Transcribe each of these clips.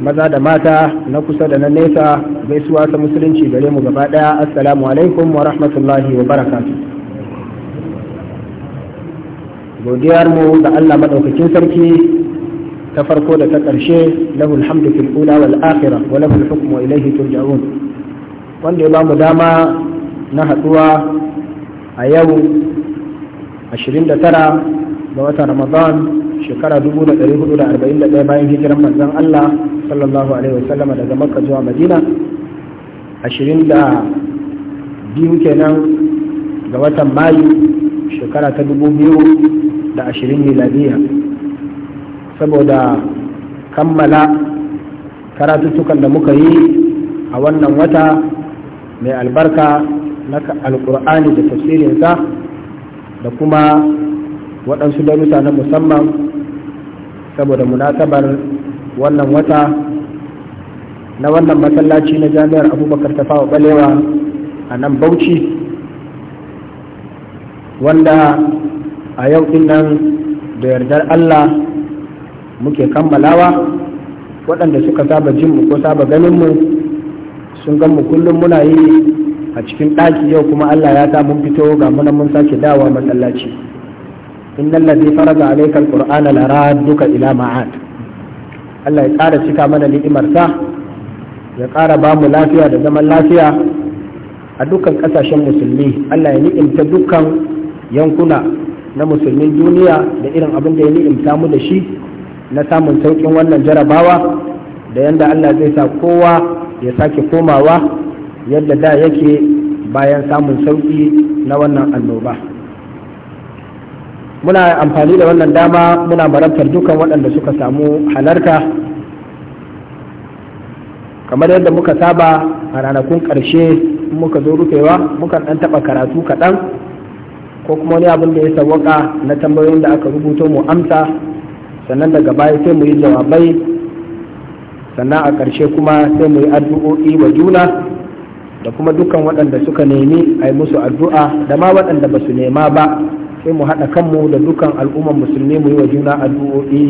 maza da mata na kusa da na nesa gaisuwa ta musulunci gare mu gaba daya assalamu alaikum wa rahmatullahi wa barakatu godiyar mu ga Allah madaukakin sarki ta farko da ta karshe lahu alhamdu fil ula wal akhirah wa lahu hukmu wa ilayhi turja'un wanda ya bamu dama na haduwa a yau 29 ga watan Ramadan shekara 1441 bayan hijiran manzon Allah sallallahu alaihi wasallama daga makka zuwa madina ashirin da biyu kenan ga watan mayu shekara ta dubu biyu da ashirin miladiya saboda kammala karatuttukan da muka yi a wannan wata mai albarka na alkur'ani da tafsirinsa da kuma waɗansu darussa na musamman saboda munasabar wannan wata na wannan masallaci na jami'ar abubakar ta fawa balewa a nan bauchi wanda a yau din nan da yardar allah muke kammalawa waɗanda suka saba jinmu ko saba ganinmu sun ganmu kullum muna yi a cikin ɗaki yau kuma allah ya ta mun fito ga muna mun sake dawa masallaci innan lazi faraga alaikal qur'ana la duka ila ma'ad Allah ya ƙara cika mana ni'imarsa ya ƙara ba mu lafiya da zaman lafiya a dukkan ƙasashen musulmi Allah ya ni'imta dukkan yankuna na musulmin duniya da irin abin da ya ni'imta mu da shi na samun sauƙin wannan jarabawa da yadda Allah zai sa kowa ya sake komawa yadda da yake bayan samun sauƙi na wannan annoba. muna amfani da wannan dama muna marabtar dukan waɗanda suka samu halarta kamar yadda muka saba a ranakun ƙarshe muka zo rufewa muka ɗan taɓa karatu kaɗan ko kuma wani abin da ya sawwaka na tambayoyin da aka rubuto mu amsa sannan daga baya sai mu yi jawabai sannan a ƙarshe kuma sai mu yi addu'o'i wa juna da kuma dukkan waɗanda suka nemi a yi musu addu'a da ma waɗanda ba su nema ba sai mu haɗa kanmu da dukan al'ummar musulmi mu yi wa juna addu'o'i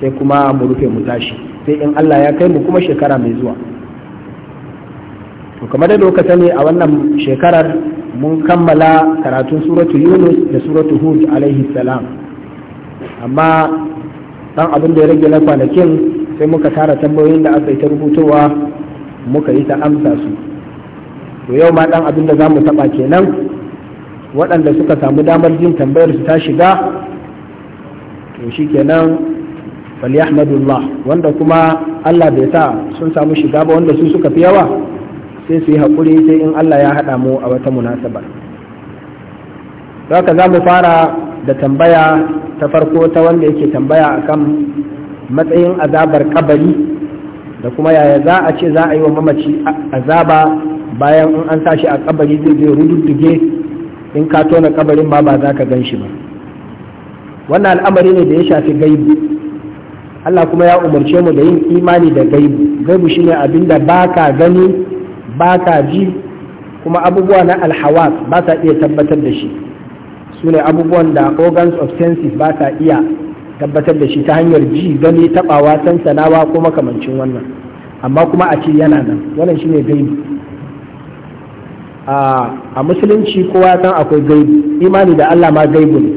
sai kuma mu rufe mu tashi sai in Allah ya kai mu kuma shekara mai zuwa to kamar da doka sani a wannan shekarar mun kammala karatun suratu yunus da suratu hud alaihi salam amma dan abin da ya rage na kwanakin sai muka tara tambayoyin da aka yi ta rubutowa muka yi ta amsa su to yau ma dan abin da za mu taɓa kenan waɗanda suka samu damar jin tambayar su ta shiga to shi kenan falyahmadullah wanda kuma Allah bai sa sun samu shiga ba wanda su suka fi yawa sai su yi haƙuri sai in Allah ya haɗa mu a wata munasaba haka za mu fara da tambaya ta farko ta wanda yake tambaya akan matsayin azabar kabari da kuma yaya za a ce za a yi wa mamaci azaba bayan in an sa shi a kabari zai zai rududduge in ka tona kabarin ma ba za ka gan shi ba wannan al'amari ne da ya shafi gaibu Allah kuma ya umarce mu da yin imani da gaibu gaibu shine abin da ba ka gani ba ka ji kuma abubuwa na alhawas ba sa iya tabbatar da shi su ne abubuwan da organs of senses ba sa iya tabbatar da shi ta hanyar ji gani tabawa sansanawa kuma kamancin wannan amma kuma a ce yana nan wannan shine gaibu a musulunci kowa ya san akwai gaibi imani da Allah ma gaibu ne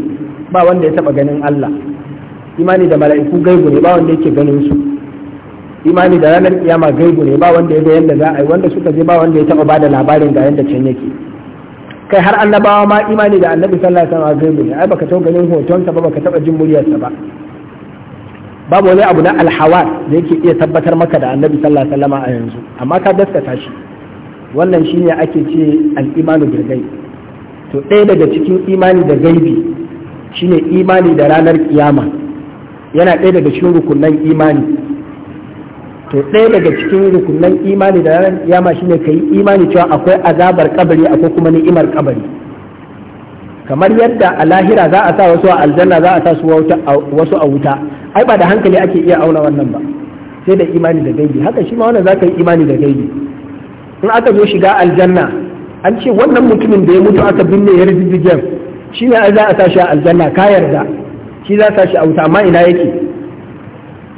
ba wanda ya taba ganin Allah imani da mala'iku gaibu ne ba wanda yake ganin su imani da ranar kiyama gaibu ne ba wanda ya ga yadda za a yi wanda suka je ba wanda ya taba da labarin ga yadda can yake kai har annabawa ma imani da annabi sallallahu alaihi wasallam gaibu ne ai baka taba ganin hotonsa ba baka taba jin muryarsa ba babu wani abu na alhawa da yake iya tabbatar maka da annabi sallallahu alaihi wasallam a yanzu amma ka gaskata shi wannan shi ne ake ce al'imanu da gai to ɗaya daga cikin imani da gaibi shi ne imani da ranar kiyama yana ɗaya daga cikin rukunan imani to ɗaya daga cikin rukunan imani da ranar kiyama ka kai imani cewa akwai azabar kabari akwai kuma ni'imar kabari kamar yadda a lahira za a sa wasu a aljanna za a sa su wasu a wuta ai ba da hankali ake iya auna wannan ba sai da imani da gaibi haka shi ma wannan za ka yi imani da gaibi in aka zo shiga aljanna an ce wannan mutumin da ya mutu aka binne ya rijigen shi ne za a shi a aljanna ka yarda shi za a shi a wuta amma ina yake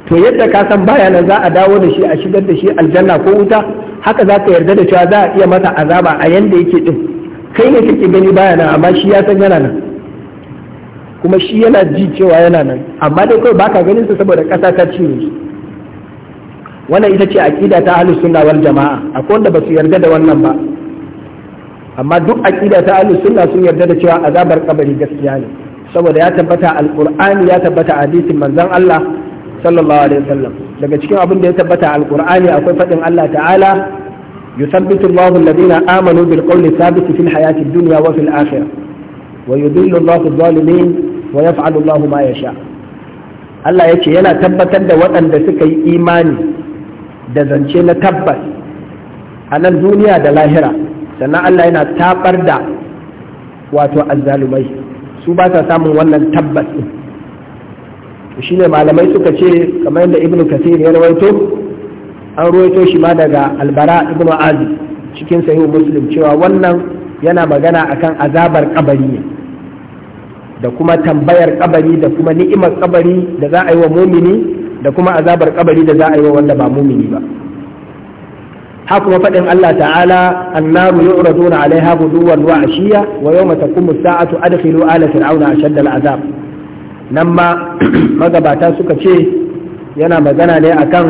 to yadda ka san baya nan za a dawo da shi a shigar da shi aljanna ko wuta haka za ka yarda da cewa za a iya masa azaba a yanda yake din kai ne kake gani baya nan amma shi ya san yana nan kuma shi yana ji cewa yana nan amma dai kawai baka ganin sa saboda ƙasa ta cire shi wannan ita ce aƙida ta ahlus sunna wal jama'a akwai wanda ba su yarda da wannan ba amma duk aƙida ta ahlus sunna sun yarda da cewa azabar kabari gaskiya ne saboda ya tabbata alqur'ani ya tabbata hadisin manzon Allah sallallahu alaihi wasallam daga cikin abin da ya tabbata alqur'ani akwai fadin Allah ta'ala yusabbitu Allahu alladhina amanu bil qawli thabiti fil hayati dunya wa fil akhirah wa yudillu Allahu adh-dhalimin wa yaf'alu Allahu ma yasha Allah yake yana tabbatar da waɗanda suka yi imani da zance na tabbas a nan duniya da lahira sannan Allah yana tabar da wato azzalumai su ba sa samun wannan tabbas ɗin shi ne malamai suka ce kamar yadda ibnu kasir ya rawaito an rawaito shi ma daga albara ibn azi cikin sahih muslim cewa wannan yana magana akan azabar kabari ne da kuma tambayar kabari da kuma ni'imar kabari da za a yi wa mumini da kuma azabar kabari da za a yi wa wanda ba mumini ba haka kuma faɗin Allah ta'ala annaru yu'raduna alaiha guduwan wa ashiya wa yawma taqumu as-sa'atu adkhilu ala fir'auna ashadda al-azab nan ma magabata suka ce yana magana ne akan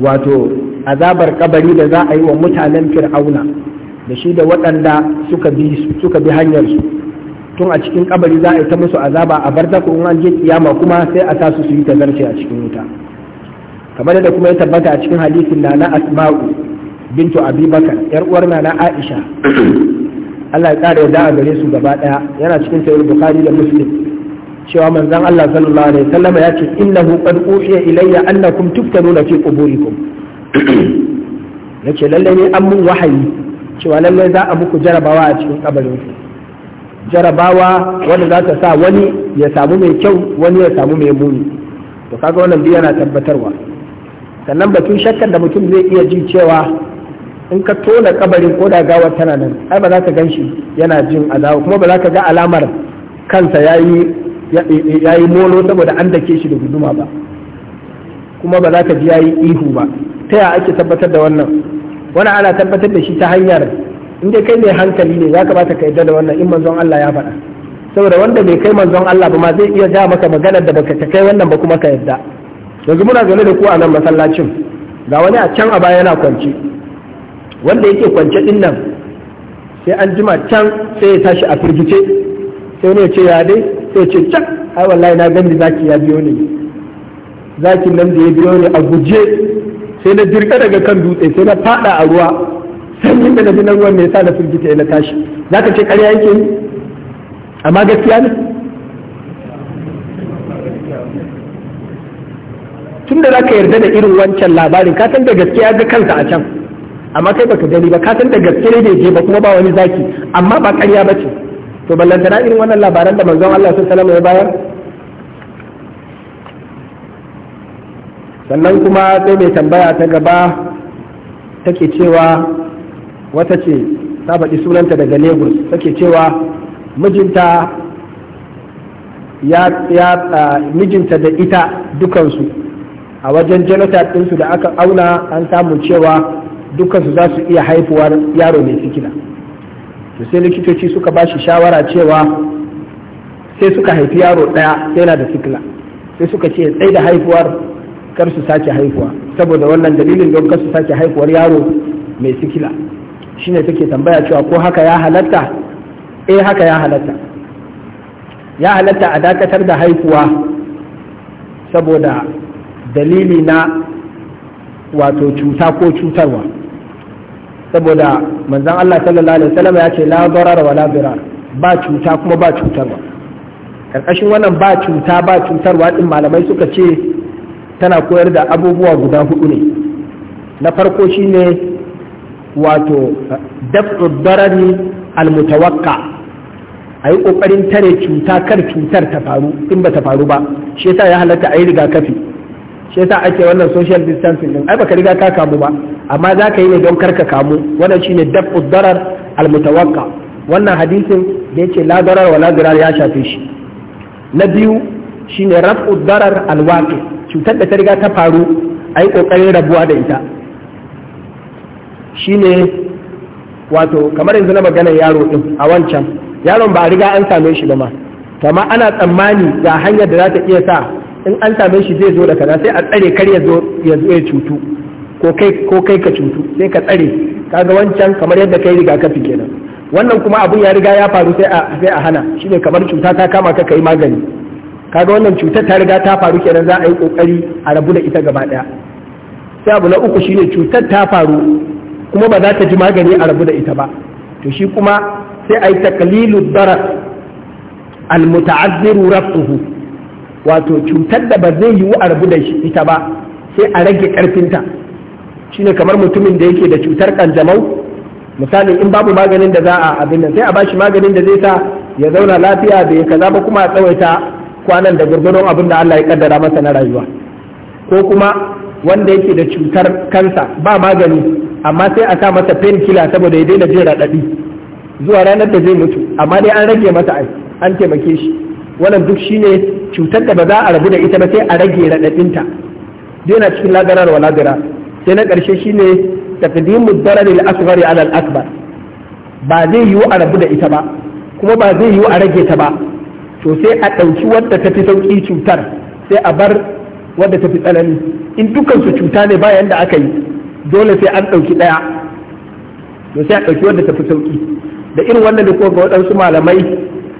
wato azabar kabari da za a yi wa mutanen fir'auna da shi da waɗanda suka bi hanyarsu tun a cikin kabari za a yi ta musu azaba a barza ko in an je kiyama kuma sai a sa su su yi tazarce a cikin wuta kamar da kuma ya tabbata a cikin hadisin na na asma'u bintu abi bakar yar uwar na aisha Allah ya kare da a gare su gaba daya yana cikin sahih bukhari da muslim cewa manzon Allah sallallahu alaihi wasallam ya ce innahu qad uhiya ilayya annakum tuftanuna fi quburikum yace lalle ne an mun wahayi cewa lalle za a muku jarabawa a cikin kabarin ku jarabawa wanda za ta sa wani ya samu mai kyau wani ya samu mai muni to kaga wannan biyu yana tabbatarwa sannan batun shakkar da mutum zai iya ji cewa in ka tona kabarin ko da gawar tana nan ai ba za ka gan shi yana jin azawa kuma ba za ka ga alamar kansa yayi yi mono saboda an dake shi da guduma ba kuma ba za ka ji ya ihu ba ta yaya ake tabbatar da wannan wani ana tabbatar da shi ta hanyar in dai kai mai hankali ne ka ba ka kai da wannan in manzon Allah ya faɗa saboda wanda bai kai manzon Allah ba ma zai iya ja maka maganar da baka kai wannan ba kuma ka yadda yanzu muna gane da ku a nan masallacin ga wani a can a baya yana kwance wanda yake kwance din nan sai an jima can sai ya tashi a firgice sai ne ce ya dai sai ce can ai wallahi na gani zaki ya biyo ni zakin nan da ya biyo ni a guje sai na jirka daga kan dutse sai na fada a ruwa sanyin da na ruwan mai sa na firgita na tashi za ka ce karya yake yi amma gaskiya ne tun da za ka yarda da irin wancan labarin ka san da gaskiya ga kansa a can amma kai baka gani ba ka san da gaske ne je ba kuma ba wani zaki amma ba karya ba ce to ballantana irin wannan labaran da manzon Allah sun salama ya bayar sannan kuma sai mai tambaya ta gaba take cewa wata ce ta faɗi sunanta daga lagos take cewa mijinta ya ya mijinta da ita dukansu a wajen din ɗinsu da aka auna an samu cewa dukansu za su iya haifuwar yaro mai sikila to sai likitoci suka ba shi shawara cewa sai suka haifi yaro ɗaya sai na da sikila sai suka ce tsaye da haifuwar kar su sace haifuwa saboda wannan dalilin don kar su sace haifuwar yaro mai sikila shine take tambaya cewa ko haka ya halatta eh haka ya halatta ya halatta a dakatar da haihuwa saboda dalili na wato cuta ko cutarwa saboda manzan Allah sallallahu alaihi wasallam ya ce la darar wa la birar ba cuta kuma ba cutarwa karkashin wannan ba cuta ba cutarwa din malamai suka ce tana koyar da abubuwa guda hudu ne na farko shine wato daf'ud darari almutawakka a yi ƙoƙarin tare cuta kar cutar ta faru in ba ta faru ba shi yasa ya halatta a yi rigakafi shi yasa ake wannan social distancing din ai baka riga ka kamu ba amma za ka yi ne don kar ka kamu wannan shine daf'ud darar almutawakka wannan hadisin da yace la darar wala dirar ya shafe shi na biyu shine raf'ud darar alwaqi cutar da ta riga ta faru a yi ƙoƙarin rabuwa da ita shine wato kamar yanzu na magana yaro din a wancan yaron ba a riga an same shi ba ma kama ana tsammani ga hanyar da za ta iya sa in an same shi zai zo da kaza sai a tsare kar ya zo ya cutu ko kai ko kai ka cutu sai ka tsare ga wancan kamar yadda kai riga rigakafi kenan wannan kuma abun ya riga ya faru sai a sai a hana shine kamar cuta ta kama ka kai magani kaga wannan cutar ta riga ta faru kenan za a yi kokari a rabu da ita gaba daya sai abu na uku shine cutar ta faru kuma ba za ta ji magani a rabu da ita ba to shi kuma sai a yi takalilu daras almuta'azziru rafuhu wato cutar da ba zai yiwu a rabu da ita ba sai a rage karfinta shine kamar mutumin da yake da cutar kanjamau misali in babu maganin da za a abin nan sai a bashi maganin da zai sa ya zauna lafiya da ya kaza ba kuma a tsawaita kwanan da gurgurun abin da Allah ya kaddara masa na rayuwa ko kuma wanda yake da cutar kansa ba magani amma sai a sa masa pain killer saboda ya daina jin raɗaɗi zuwa ranar da zai mutu amma dai an rage masa an taimake shi wannan duk shine cutar da ba za a rabu da ita ba sai a rage ta yana cikin ladarar wa lagara. sai na ƙarshe shine taqdimu darar al-asghar ala al-akbar ba zai yiwu a rabu da ita ba kuma ba zai yiwu a rage ta ba to sai a ɗauki wadda ta fi sauƙi cutar sai a bar wadda ta fi tsanani in dukansu cuta ne bayan da aka yi dole sai an ɗauki ɗaya to sai a ɗauki wanda fi sauƙi da irin wannan da kuma waɗansu malamai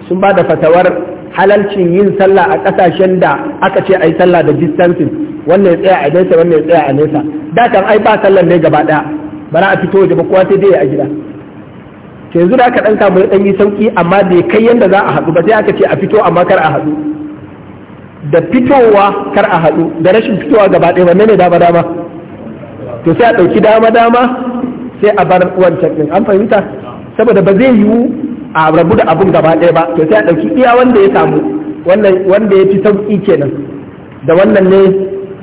sun ba da fatawar halalcin yin sallah a ƙasashen da aka ce a yi sallah da distancing wannan ya tsaya a nesa wannan ya tsaya a nesa da kan ai ba sallan ne gaba ɗaya bara a fito waje ba kowa sai dai a gida to yanzu da aka ɗan samu ɗan yi sauƙi amma da ya kai yadda za a haɗu ba sai aka ce a fito amma kar a haɗu da fitowa kar a haɗu da rashin fitowa gaba ɗaya wanne ne dama dama to sai a ɗauki dama dama sai a bar wancan ɗin an fahimta saboda ba zai yiwu a rabu da abun gaba ɗaya ba to sai a ɗauki iya wanda ya samu wanda ya fi sauƙi kenan da wannan ne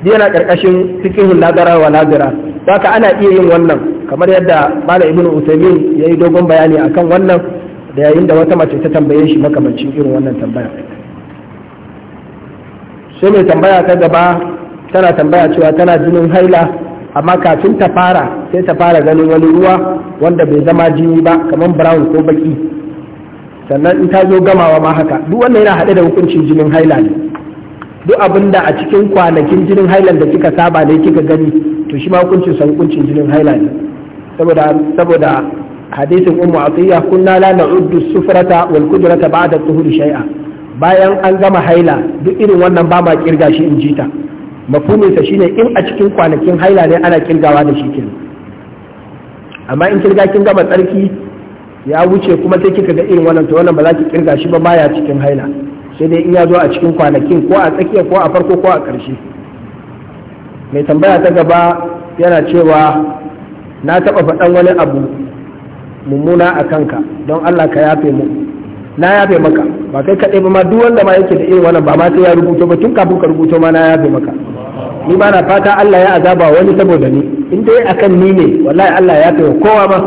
yana ƙarƙashin cikin lagara wa lazara haka ana iya yin wannan kamar yadda malam ibnu usaimin ya yi dogon bayani akan wannan da yayin da wata mace ta tambaye shi makamancin irin wannan tambaya sai mai tambaya ta gaba tana tambaya cewa tana jinin haila amma kafin ta fara sai ta fara ganin wani ruwa wanda bai zama jini ba kamar brown ko baki sannan in ta zo gamawa ma haka duk wannan yana haɗe da hukuncin jinin haila ne duk abin a cikin kwanakin jinin hailan da kika saba ne kika gani to shi ma hukuncin san hukuncin jinin haila ne saboda saboda hadisin ummu atiya kunna la na'uddu sufrata wal qudrata ba'da tuhuri shay'a bayan an gama haila duk irin wannan ba ma kirga shi in jita mafumin sa shine in a cikin kwanakin haila ne ana kirgawa da shi kin amma in kirga kin gama tsarki ya wuce kuma sai kika ga irin wannan to wannan ba za ki kirga shi ba baya cikin haila sai dai in ya zo a cikin kwanakin ko a tsakiya ko a farko ko a ƙarshe mai tambaya ta gaba yana cewa na taɓa faɗan wani abu mummuna a kanka don Allah ka yafe mu na yafe maka ba kai kaɗai ba ma duk wanda ma yake da irin wannan ba ma sai ya rubuto ba tun kafin ka rubuto ma na yafe maka ni ba na fata Allah ya azaba wani saboda ni in dai akan ni ne wallahi Allah ya kai kowa ba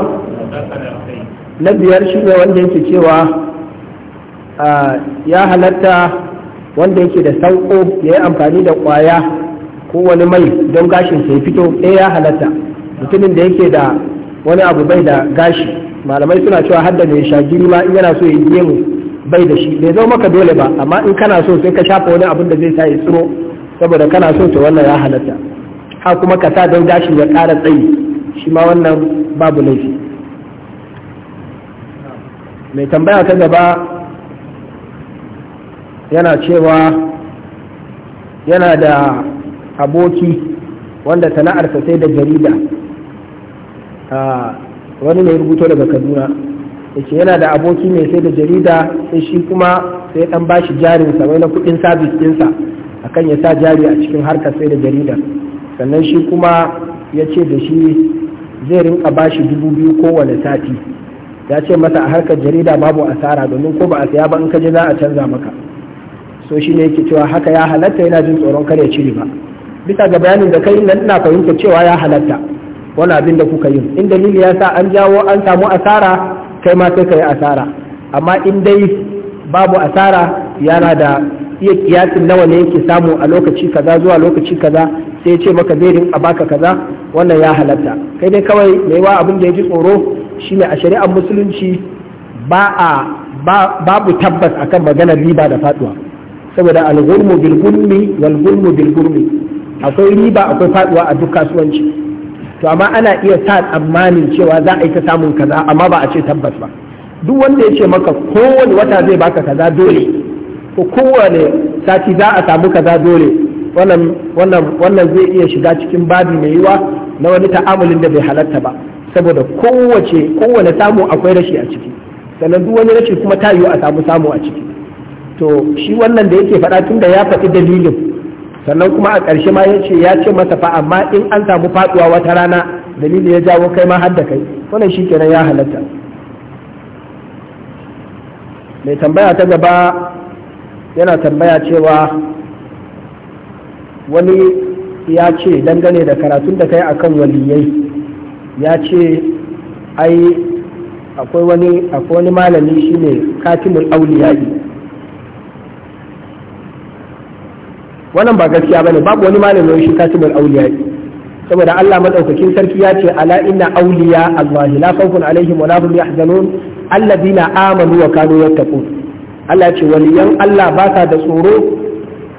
na biyar shi ne wanda yake cewa ya halatta wanda yake da sauko ya yi amfani da kwaya ko wani mai don gashin sai fito ɗaya eh, ya halatta mutumin da yake da wani abu bai da gashi malamai suna cewa hadda mai shagiri ma in yana so ya yi bai da shi bai zama maka dole ba amma in kana so sai ka shafa wani abin da zai sa ya tsiro saboda kana so ta wannan ya halatta ha kuma ka sa don gashin ya ƙara tsayi shi ma wannan babu laifi mai tambaya ta gaba yana cewa yana da aboki wanda sana'arsa sai da jarida wani mai rubuto daga kaduna yake yana da aboki mai sai da jarida sai shi kuma sai dan bashi sa wai na kudin sabis dinsa akan ya sa jari a cikin harkar sai da jarida sannan shi kuma ya ce da shi zai rinka bashi dubu biyu kowane sati ya ce masa a harkar jarida babu asara domin ko ba a saya ba in ka je za a canza maka so shi ne yake cewa haka ya halatta yana jin tsoron kar ya ba bisa ga bayanin da kai nan ina fahimta cewa ya halatta wani abin da kuka yi in dalili ya sa an jawo an samu asara kai ma sai ka yi asara amma in dai babu asara yana da iya kiyasin nawa ne yake samu a lokaci kaza zuwa lokaci kaza sai ce maka zai rinka baka kaza wannan ya halatta kai dai kawai mai wa abin da ya ji tsoro shine a shari'ar musulunci ba a babu tabbas akan maganar riba da faduwa saboda al-ghurmu bil akwai riba akwai faduwa a duk kasuwanci to amma ana iya sa tsammanin cewa za a yi ta samun kaza amma ba a ce tabbas ba duk wanda ya ce maka kowane wata zai baka kaza dole ko kowane sati za a samu kaza dole wannan zai iya shiga cikin babi mai yiwa na wani ta'amulin da bai halatta ba saboda kowace kowane samu akwai rashi a ciki sannan duk wani rashi kuma ta yiwu a samu samu a ciki to shi wannan da yake faɗa tun da ya faɗi dalilin sannan kuma a ƙarshe ma ya ce ya ce masa fa amma in an samu faɗuwa wata rana dalili ya jawo kai ma har da kai wannan shi kenan ya halatta mai tambaya ta gaba yana tambaya cewa wani ya ce dangane da karatun da kai akan waliyai ya ce ai akwai wani akwai wani malami shine katimul auliyai wannan ba gaskiya bane babu wani malami shi katimul auliyai saboda Allah madaukakin sarki ya ce ala inna auliya Allah la khawfun alaihim wa la hum yahzanun alladhina amanu wa kanu yattaqun Allah ce waliyan Allah ba sa da tsoro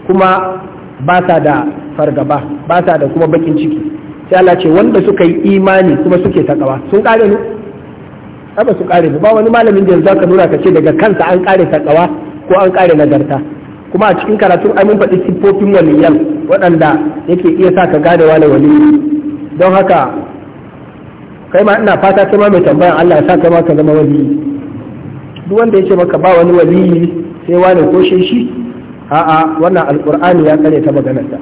kuma ba sa da fargaba ba sa da kuma bakin ciki sai Allah ce wanda suka yi imani kuma suke takawa sun kare ne ba su kare ba wani malamin da zaka ka nuna ka ce daga kansa an kare takawa ko an kare nagarta kuma a cikin karatun mun faɗi siffofin waliyan waɗanda yake iya sa ka gane wani wali don haka kai ma ina fata kai ma mai tambayan Allah ya sa kai ma ka zama wali duk wanda yake maka ba wani waliyi sai wani koshe shi a'a wannan alkur'ani ya kare ta maganarsa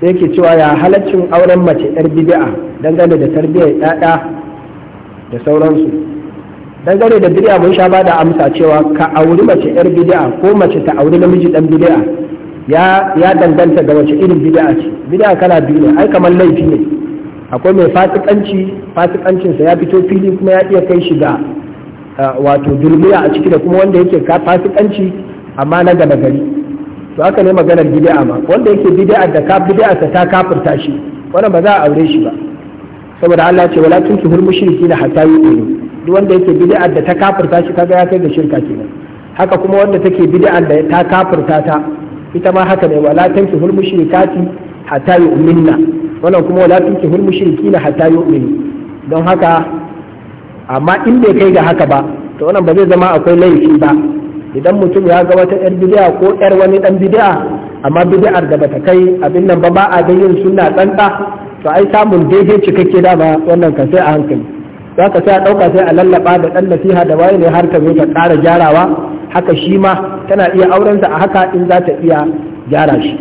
sai yake cewa ya halaccin auren mace yar bid'a dangane da tarbiyyar ƴaƴa da sauransu dangane da bid'a mun sha bada amsa cewa ka auri mace yar bid'a ko mace ta auri namiji dan bid'a ya ya danganta da wace irin bid'a ce bid'a kana biyu ne ai kamar laifi ne akwai mai fasikanci fasikancin ya fito fili kuma ya iya kai shi ga wato durmiya a ciki da kuma wanda yake fasikanci amma na gama gari to haka ne maganar bid'a ma wanda yake bid'a da ka bid'a ta kafirta shi wannan ba za a aure shi ba saboda Allah ce wala tunkihul mushrikina hatta yu'minu duk wanda yake bid'a da ta kafirta shi kaga ya kai ga shirka kenan haka kuma wanda take bid'a da ta kafirta ta ita ma haka ne wala tunkihul mushrikati hatta yu'minna wannan kuma wala tunkihul mushrikina hatta yu'minu don haka amma in bai kai ga haka ba to wannan ba zai zama akwai laifi ba idan mutum ya ga wata yar bid'a ko yar wani dan bid'a amma bid'ar da bata kai abin nan ba ba a ga yin sunna tsanta to ai samun daidai cikakke da ba wannan kan sai a hankali za ka sai a ɗauka sai a lallaba da ɗan nasiha da waye ne har ka zo ka ƙara gyarawa haka shi ma tana iya aurensa a haka in za ta iya gyara shi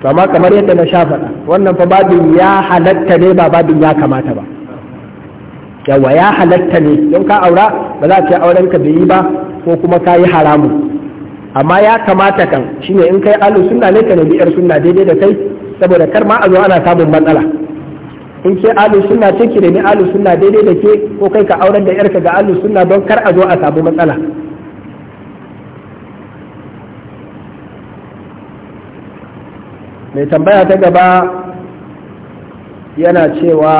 to amma kamar yadda na sha faɗa wannan fa babin ya halatta ne ba babin ya kamata ba yawa ya halatta ne don ka aura ba za a ce auren ka bai yi ba ko kuma ka yi haramu amma ya kamata kan shine in kai alu sunna ne ka nabi yar daidai da kai saboda kar ma a zo ana samun matsala in ke alu sunna ce ki nemi alu sunna daidai da ke ko kai ka auren da yarka ga alu sunna don kar a zo a samu matsala mai tambaya ta gaba yana cewa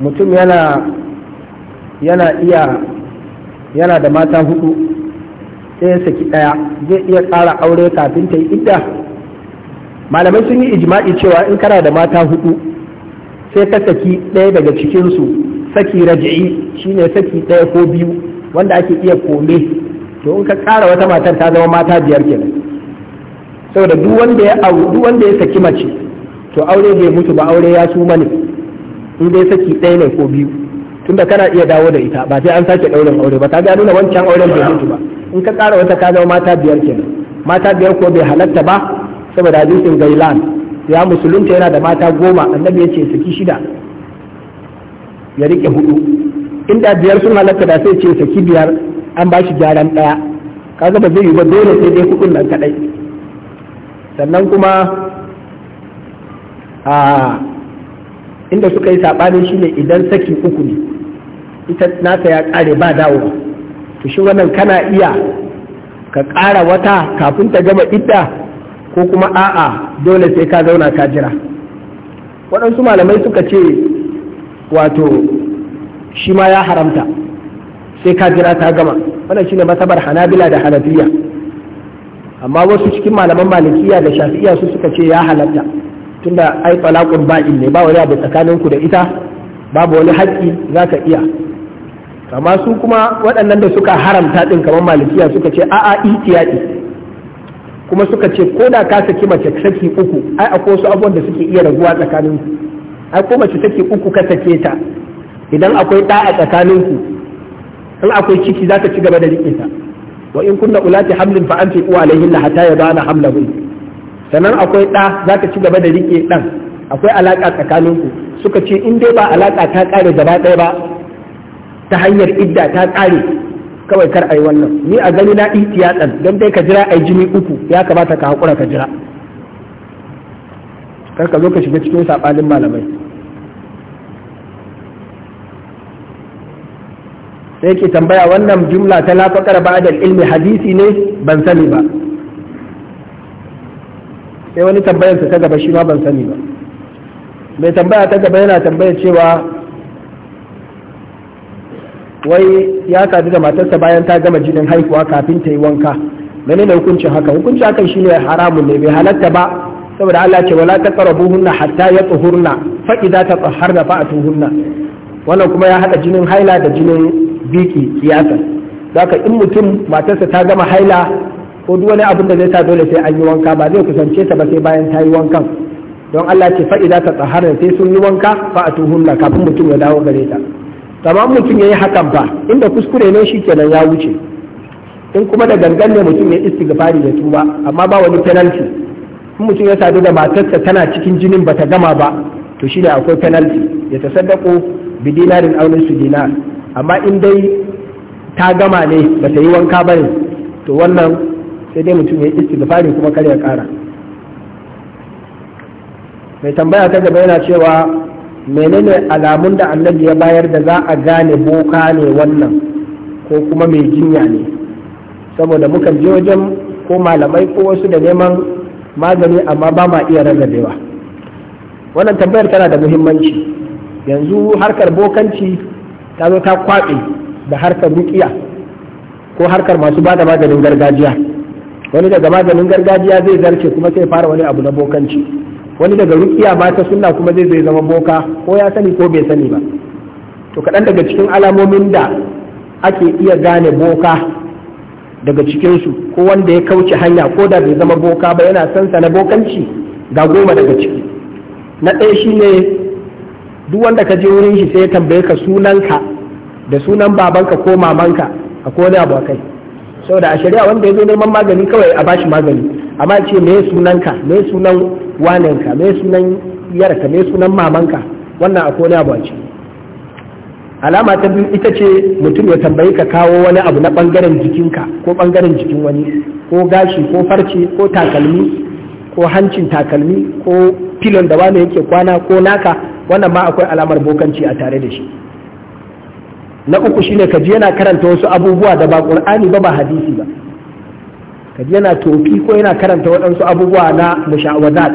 mutum yana iya yana da mata hudu sai ya saki daya zai iya tsara aure kafin ta yi idda malamai sun yi ijma'i cewa in kana da mata hudu sai ka saki ɗaya daga cikinsu saki raji'i shine saki ɗaya ko biyu wanda ake iya kome to in ka ƙara wata matar ta zama mata biyar kenan saboda duk wanda ya wanda ya saki mace to aure bai mutu ba aure ya su ne in dai saki ɗaya ne ko biyu tunda kana iya dawo da ita ba sai an sake ɗaurin aure ba ta ga nuna wancan auren bai mutu ba in ka ƙara wata ka zama mata biyar kenan mata biyar ko bai halatta ba saboda hadisin gailan ya musulunta yana da mata goma annabi ya ce saki shida ya rike hudu inda biyar sun halatta da sai ce saki biyar an ba shi gyaran ɗaya kaga ba zai yi ba dole sai dai hudun nan kaɗai sannan kuma a inda suka yi saɓanin shi ne idan saki uku ne ita nasa ya ƙare ba dawo to shi wannan kana iya ka ƙara wata kafin ta gama idda ko kuma a'a dole sai ka zauna ka jira waɗansu malamai suka ce wato shi ma ya haramta sai ka jira ta gama wannan shi ne masabar hanabila da hanafiya amma wasu cikin malaman malikiya da shafi'iya su suka ce ya halatta tunda ai talaqun ba'in ne ba wani abu tsakaninku da ita babu wani haƙƙi za ka iya kama su kuma waɗannan da suka haramta ɗin kamar malikiya suka ce a'a itiyadi kuma suka ce ko da ka saki mace saki uku ai akwai wasu abubuwan da suke iya raguwa tsakaninku ai ko mace saki uku ka sake ta idan akwai ɗa a tsakaninku in akwai ciki za ka ci gaba da riƙe ta wa in kunna ulati hamlin fa an fi uwa alaihin hatta ya bana sannan akwai ɗa za ta ci gaba da riƙe ɗan akwai alaƙa tsakaninku suka ce in dai ba alaƙa ta ƙare gaba ɗaya ba ta hanyar idda ta ƙare kawai kar a yi wannan ni a gani na ɗan don dai ka jira a yi jini uku ya kamata ka haƙura ka jira kar ka zo ka shiga cikin saɓanin malamai sai ke tambaya wannan jumla ta lafakar ba'adar ilmi hadisi ne ban sani ba sai wani tambayarsa ta gaba shi ma ban sani ba mai tambaya ta gaba yana tambayar cewa wai ya sadu da matarsa bayan ta gama jinin haihuwa kafin ta yi wanka menene hukuncin haka hukuncin hakan shine haramun ne bai halatta ba saboda Allah ce wala buhunna hatta yatahurna fa idza tatahharna fa atuhunna wannan kuma ya hada jinin haila da jinin biki kiyasa zaka in mutum matarsa ta gama haila ko duk wani abin da zai sa dole sai an yi wanka ba zai kusance ta ba sai bayan ta yi wankan don Allah ce fa'ida ta tsahara sai sun yi wanka fa a kafin mutum ya dawo gare ta tamam mutum ya yi hakan ba inda kuskure ne shi kenan ya wuce in kuma da gangan ne mutum ya istighfari ya tuba amma ba wani penalty in mutum ya sadu da matarsa tana cikin jinin bata gama ba to shi ne akwai penalty ya ta sadako bi dinarin aunin su dinar amma in dai ta gama ne bata yi wanka ba ne to wannan sai dai mutum ya da istighfari kuma kar ya kara mai tambaya ta gaba yana cewa menene alamun da annabi ya bayar da za a gane boka ne wannan ko kuma mai jinya ne saboda mukan je wajen ko malamai ko wasu da neman magani amma ba ma iya rarrabewa wannan tambayar tana da muhimmanci yanzu harkar bokanci ta zo ta kwaɓe da harkar rukiya ko harkar masu bada maganin gargajiya wani daga maganin gargajiya zai zarce kuma sai fara wani abu na bokanci wani daga rukiya ba ta sunna kuma zai zai zama boka ko ya sani ko bai sani ba to kaɗan daga cikin alamomin da ake iya gane boka daga cikinsu ko wanda ya kauce hanya ko da bai zama boka ba yana sansa na bokanci ga goma daga ciki na ɗaya shine duk wanda ka je wurin shi sai ya tambaye ka sunanka da sunan babanka ko mamanka a wani abu a kai saboda a shari'a wanda ya zo neman magani kawai a bashi magani amma ce me sunanka me sunan wanenka me sunan yarka me sunan mamanka wannan a kone abu ce alama ta biyu ita ce mutum ya tambayi ka kawo wani abu na bangaren jikinka ko bangaren jikin wani ko gashi ko farce ko takalmi ko hancin takalmi ko filon da wani yake kwana ko naka wannan ma akwai alamar bokanci a tare da shi na uku shine ka ji yana karanta wasu abubuwa da ba qur'ani ba ba hadisi ba ka ji yana tofi ko yana karanta waɗansu abubuwa na mushawadat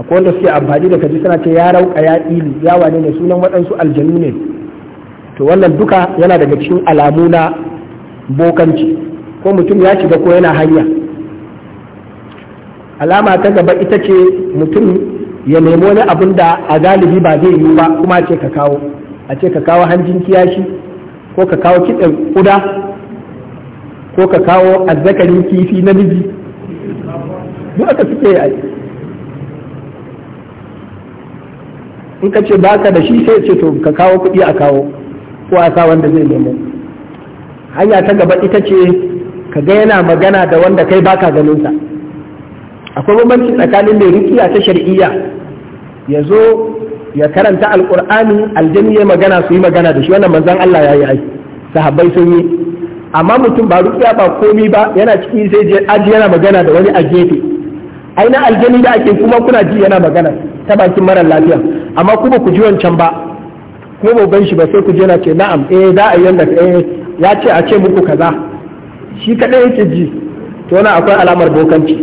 akwai wanda suke amfani da kaji suna ce ya rauka ya ili ya wane ne sunan waɗansu aljanu ne to wannan duka yana daga cikin alamu na bokanci ko mutum ya shiga ko yana hanya alama ta gaba ita ce mutum ya nemo wani abin da a galibi ba zai yi ba kuma ce ka kawo a ce ka kawo hanjin kiyashi ko ka kawo kitsen kuda ko ka kawo azzakarin kifi na miji duk aka suke yi in ka ce baka da shi sai ce to ka kawo kuɗi a kawo ko a sa wanda zai nemo hanya ta gaba ita ce ka ga yana magana da wanda kai baka ganin sa akwai bambanci tsakanin mai rukiya ta shari'iyya ya zo ya karanta alqur'ani aljani ya magana su yi magana da shi wannan manzon Allah yayi ai sahabbai sun yi amma mutum ba rukiya ba komi ba yana ciki sai je aji yana magana da wani a gefe ai na da ake kuma kuna ji yana magana ta bakin mara lafiya amma ku ba ku ji wancan ba ko ba shi ba sai ku je na ce na'am eh za a yi yanda eh ya ce a ce muku kaza shi kadai yake ji to na akwai alamar bokanci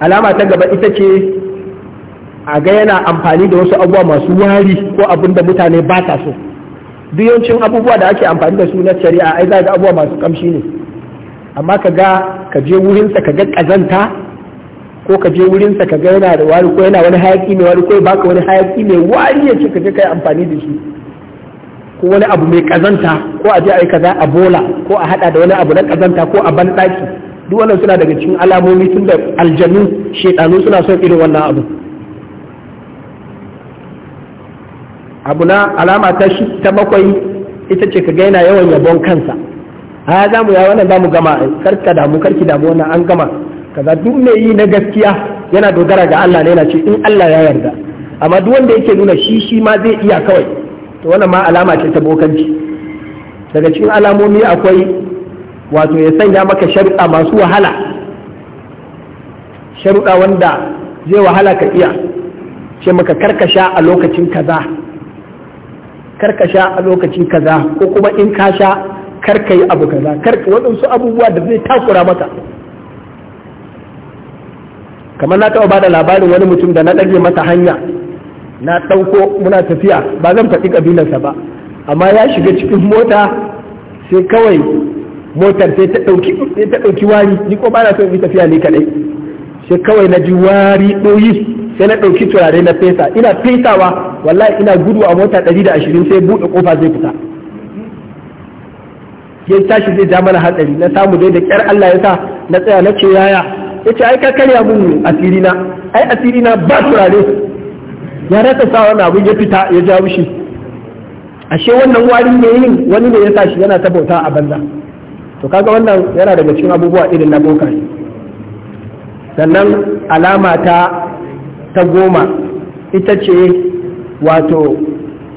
alama ta gaba ita ce a ga yana amfani da wasu abubuwa masu wari ko abin da mutane ba ta so duk yawancin abubuwa da ake amfani da su na shari'a ai za ga abubuwa masu kamshi ne amma ka ga ka je wurinsa ka ga kazanta ko ka je wurinsa ka ga yana da wari ko yana wani hayaki mai wari ko baka wani hayaki mai wari ya ce ka je kai amfani da shi ko wani abu mai kazanta ko a je a yi kaza a bola ko a hada da wani abu na kazanta ko a banɗaki duk wannan suna daga cikin alamomi tun da aljanu shedanu suna son irin wannan abu abu na alama ta ta bakwai ita ce ka gaina yawan yabon kansa a za mu ya wannan za mu gama karka damu karki damu wannan an gama kaza duk mai yi na gaskiya yana dogara ga Allah ne yana ce in Allah ya yarda amma duk wanda yake nuna shi shi ma zai iya kawai to wannan ma alama ce ta bokanci daga cikin alamomi akwai wato ya sanya maka sharuɗa masu wahala sharuɗa wanda zai wahala ka iya ce maka karkasha a lokacin kaza karka sha a lokaci kaza ko kuma in ka sha karka yi abu kaza karka waɗansu abubuwa da zai takura maka kamar na taɓa bada labarin wani mutum da na ɗage mata hanya na ɗauko muna tafiya ba zan faɗi ƙabilarsa ba amma ya shiga cikin mota sai kawai motar sai ta ɗauki wari ni ko ba na son yi tafiya ne kaɗai sai kawai na ji wari ɗoyi sai na ɗauki turare na fesa ina fesawa wallahi ina gudu a mota ɗari da ashirin sai buɗe ƙofa zai fita ya tashi zai ja mana hatsari na samu dai da ƙyar Allah ya sa na tsaya na ce yaya ya ce ai ka karya mun asirina ai asirina ba turare ya rasa sa wani abin ya fita ya ja shi ashe wannan warin ne yin wani ne ya sa shi yana ta bauta a banza to kaga wannan yana daga cikin abubuwa irin na boka sannan alama ta ta goma ita ce wato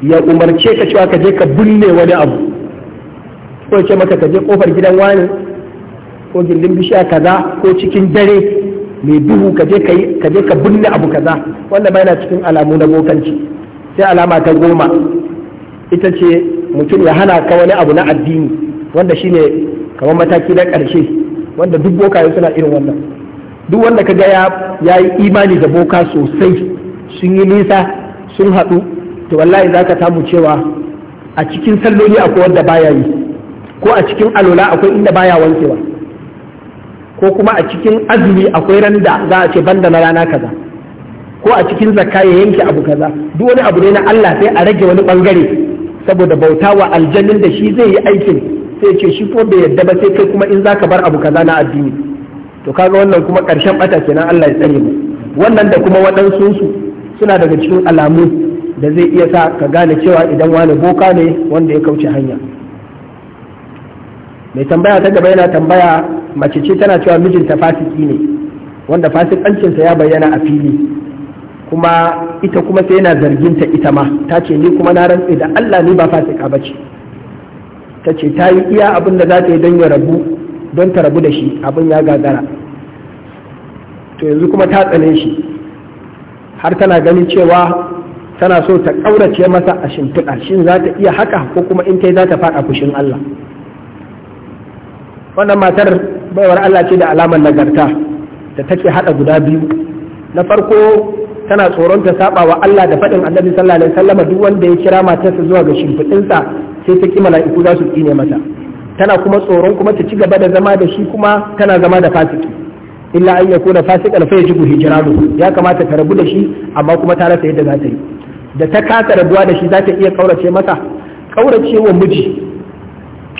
ya umarce ka cewa ka je ka binne wani abu ko ce maka ka je kofar gidan wani ko gindin bishiya kaza ko cikin dare mai duhu ka je ka binne abu kaza wanda bai na cikin alamu na bokanci sai alama ta goma ita ce mutum ya hana ka wani abu na addini wanda shine kamar mataki na ƙarshe wanda duk bokaye suna irin wannan duk wanda ka kaga ya yi imani da boka sosai sun yi nisa sun haɗu to wallahi za ka samu cewa a cikin salloli akwai wanda baya yi ko a cikin alola akwai inda baya wankewa ko kuma a cikin azumi akwai ran da za a ce banda na rana kaza ko a cikin zakka ya yanke abu kaza duk wani abu ne na Allah sai a rage wani bangare saboda bauta wa aljannin da shi zai yi aikin sai ce shi ko bai yadda ba sai kai kuma in zaka bar abu kaza na addini to kaga wannan kuma ƙarshen bata kenan Allah ya tsare mu wannan da kuma waɗansu su suna daga cikin alamu da zai iya sa ka gane cewa idan wani boka ne wanda ya kauce hanya mai tambaya ta gaba yana tambaya mace ce tana cewa mijinta fasiki ne wanda fasikancinsa ya bayyana a fili kuma ita kuma sai yana ta ita ma ta ce ni kuma na rantse da Allah ni ba fasika ba ce ta ce ta yi iya abin da za ta yi don ya rabu don ta rabu da shi abin ya gagara to yanzu kuma ta tsane shi har tana ganin cewa tana so ta ƙaurace masa a shimfiɗa shin za ta iya haka ko kuma in ta yi za ta faɗa fushin Allah wannan matar baiwar Allah ce da alamar nagarta da take haɗa guda biyu na farko tana tsoron ta saba wa Allah da faɗin annabi sallallahu alaihi wasallam duk wanda ya kira matarsa zuwa ga shimfiɗinsa sai ta ki mala'iku za su ne mata tana kuma tsoron kuma ta ci gaba da zama da shi kuma tana zama da fasiki illa an yakuna fasiqan fa jibu hijiranu ya kamata ta rabu da shi amma kuma ta rasa yadda za ta yi da ta kasa rabuwa da shi za ta iya kaurace masa kaurace wa miji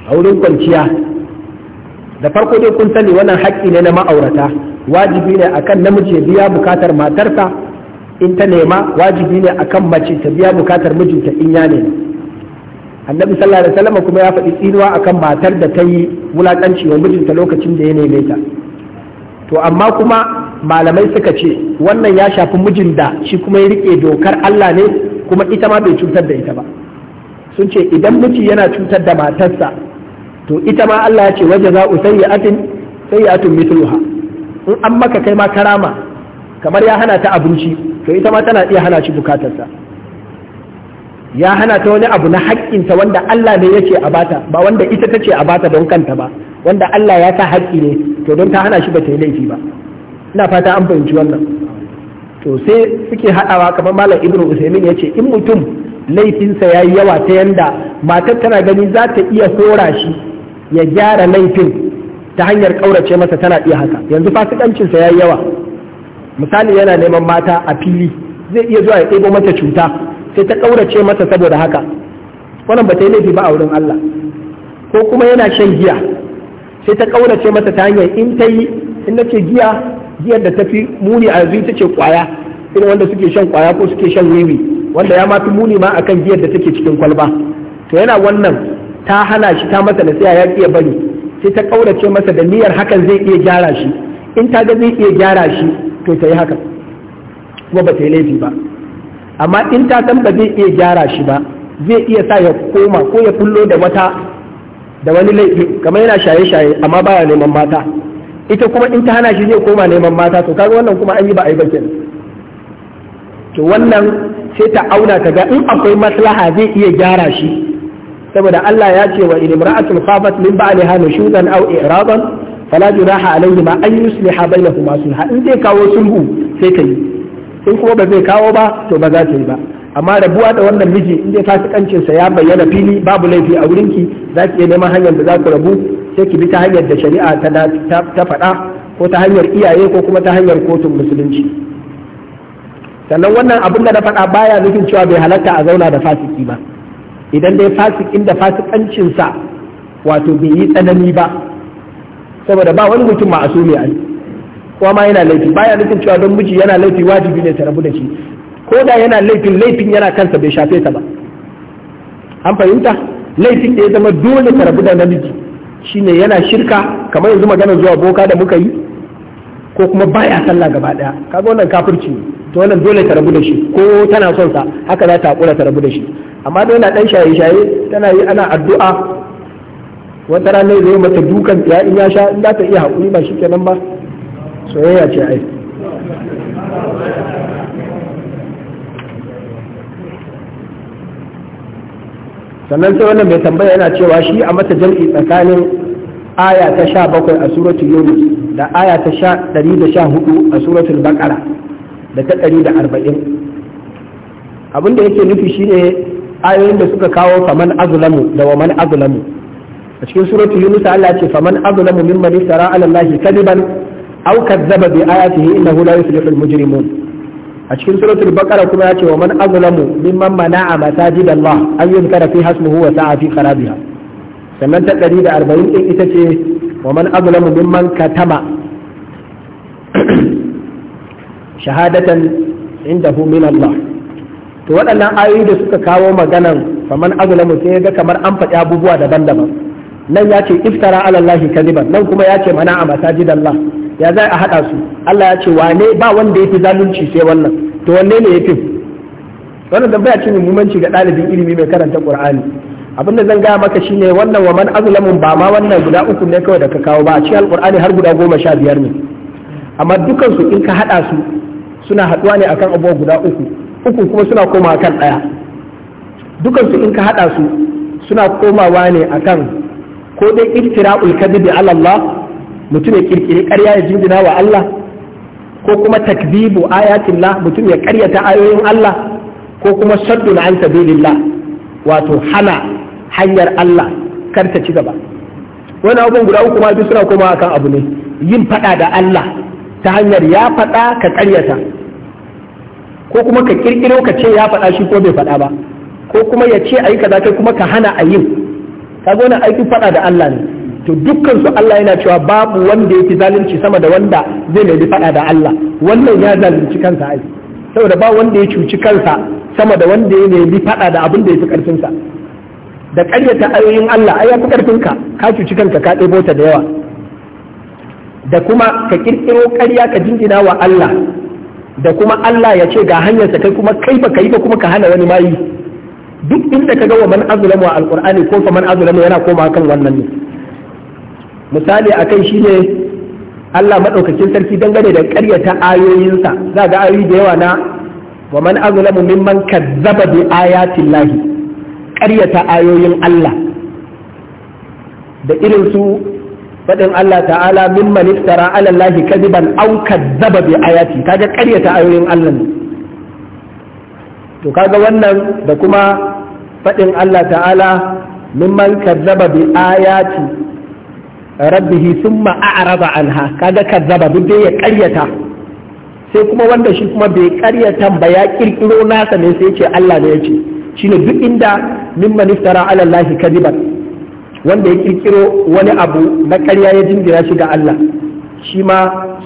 a wurin kwanciya da farko dai kun sani wannan haƙƙi ne na ma'aurata wajibi ne akan namiji ya biya bukatar matarsa in ta nema wajibi ne akan mace ta biya bukatar mijinta in ya nema annabi sallallahu alaihi wasallam kuma ya faɗi tsinuwa akan matar da ta yi wulaƙanci wa mijinta lokacin da ya neme ta to amma kuma malamai suka ce wannan ya shafi mijin da shi kuma ya rike dokar Allah ne kuma ita ma bai cutar da ita ba sun ce idan miji yana cutar da matarsa to ita ma Allah ya ce waje sai ya sayyi'atun mithluha in an maka kai ma karama kamar ya hana ta abinci to ita ma tana iya hana shi bukatarsa ya hana ta wani abu na haƙƙinta wanda Allah ne ya ce a bata ba wanda ita ta ce a bata don kanta ba wanda Allah ya sa haƙƙi ne to don ta hana shi ba ta yi laifi ba ina fata an fahimci wannan to sai suke haɗawa kamar malam ibnu usaimin ya ce in mutum laifinsa ya yi yawa ta yanda matar tana gani za ta iya kora shi ya gyara laifin ta hanyar ƙaurace masa tana iya haka yanzu fasikancinsa ya yi yawa misali yana neman mata a fili zai iya zuwa ya ɗebo mata cuta sai ta ƙaurace masa saboda haka wannan ba ta yi laifi ba a wurin Allah ko kuma yana shan giya sai ta kaurace mata ta hanyar in ta yi in na ce giya giyar da ta fi muni a yanzu ita ce kwaya irin wanda suke shan kwaya ko suke shan wiwi wanda ya mafi muni ma akan giyar da take cikin kwalba to yana wannan ta hana shi ta masa nasiha ya iya bari sai ta kaurace masa da niyyar hakan zai iya gyara shi in ta ga zai iya gyara shi to ta yi haka kuma ba ta yi laifi ba amma in ta san ba zai iya gyara shi ba zai iya sa ya koma ko ya kullo da wata da wani laifi kamar yana shaye-shaye amma baya neman mata ita kuma in ta hana shi zai koma neman mata to kaga wannan kuma an yi ba a yi bakin to wannan sai ta auna ta ga in akwai maslaha zai iya gyara shi saboda Allah ya ce wa in imra'atun khafat min ba'liha nushudan aw i'radan fala junaha ma an yusliha bainahuma sulha in zai kawo sulhu sai ta yi in kuma ba zai kawo ba to ba za ta yi ba amma rabuwa da wannan miji in dai fasikancinsa ya bayyana fili babu laifi a wurinki za ki iya neman hanyar da za ku rabu sai ki bi ta hanyar da shari'a ta faɗa ko ta hanyar iyaye ko kuma ta hanyar kotun musulunci sannan wannan abin da na faɗa baya nufin cewa bai halatta a zauna da fasiki ba idan dai fasikin da fasikancinsa wato bai yi tsanani ba saboda ba wani mutum ma'asumi a kowa ma yana laifi baya nufin cewa don miji yana laifi wajibi ne ta rabu da shi ko da yana laifin laifin yana kansa bai shafe ta ba an fahimta laifin da ya zama dole ka rabu da namiji shine yana shirka kamar yanzu magana zuwa boka da muka yi ko kuma baya sallah gaba daya kaga wannan kafirci ne to wannan dole ta rabu da shi ko tana son sa haka za ta hakura ta rabu da shi amma dole yana dan shaye shaye tana yi ana addu'a wata rana zai mata dukan ya in ya sha in za ta iya hakuri ba shi kenan ba soyayya ce ai sannan sai wannan mai tambaya yana cewa shi a mata jam'i tsakanin aya ta sha bakwai a suratul yunus da aya ta sha ɗari da sha hudu a suratul baqara da ta ɗari da arba'in abin da yake nufi shine ayoyin da suka kawo faman azlamu da waman azlamu a cikin suratu yunus Allah ce faman azlamu mimman yasra ala allahi kadiban aw kadzaba bi ayatihi innahu la yuflihul mujrimun a cikin suratul baqara kuma ya ce wa man azlamu mimman mana'a masajid Allah an yunkara fi hasmuhu wa sa'a fi kharabiha sannan ta 140 din ita ce wa man azlamu mimman katama shahadatan indahu min Allah to waɗannan ayoyi da suka kawo maganan faman azlamu sai ga kamar an faɗi abubuwa daban-daban nan ya ce iftara ala Allah kadiban nan kuma ya ce mana a masajid Allah ya za a haɗa su Allah ya ce wane ba wanda ya fi zalunci sai wannan to wanne ne ya fi wannan tambaya ce muhimmanci ga ɗalibin ilimi mai karanta Qur'ani abin da zan gaya maka shine wannan wa man azlamun ba ma wannan guda uku ne kawai da ka kawo ba a cikin alqur'ani har guda goma sha biyar ne amma dukan su in ka haɗa su suna haɗuwa ne akan abubuwa guda uku uku kuma suna koma kan daya dukan su in ka haɗa su suna komawa ne akan ko dai iftira'ul kadhibi ala Allah mutum ya kirkiri ƙarya ya jinjina wa Allah ko kuma takzibu ayatillah mutum ya ƙaryata ayoyin Allah ko kuma saddun an bilillah wato hana hanyar Allah kar ta ci gaba wani abubuwan guda uku ma suna komawa kan abu ne yin faɗa da Allah ta hanyar ya faɗa ka ƙaryata ko kuma ka kirkiro ka ce ya faɗa shi ko bai faɗa ba ko kuma ya ce ayi kaza kai kuma ka hana a yin kaga wannan aikin faɗa da Allah ne to dukkan su Allah yana cewa babu wanda yake zalunci sama da wanda zai nemi fada da Allah wannan ya zalunci kansa ai saboda ba wanda ya cuci kansa sama da wanda ya nemi fada da abin da ya fi karfin sa da ƙaryata ayoyin Allah ai ya fi karfin ka ka cuci kanka ka ɗebo ta da yawa da kuma ka kirkiro ƙarya ka jingina wa Allah da kuma Allah ya ce ga hanyarsa kai kuma kai ba kai ba kuma ka hana wani mayi duk inda ka ga wa man azlamu al-qur'ani ko fa man azlamu yana koma kan wannan ne misali a akan shine Allah maɗaukakin sarki dangane da ƙaryata ayoyinsa za ga ayoyi da yawa na wa man azlamu mimman kazzaba bi ayatin lahi ƙaryata ayoyin Allah da irin su faɗin Allah ta'ala mimman iftara ala lahi kadiban aw kazzaba bi ayati kaga ƙaryata ayoyin Allah ne to kaga wannan da kuma faɗin Allah ta'ala mimman kazzaba bi ayati rabbihi summa a'rada anha kaga kazzaba duk dai ya karyata sai kuma wanda shi kuma bai karyata ba ya kirkiro nasa ne sai ce Allah ne ya ce shine duk inda mimman iftara ala Allah kadiban wanda ya kirkiro wani abu na karya ya jingira shi ga Allah shi ma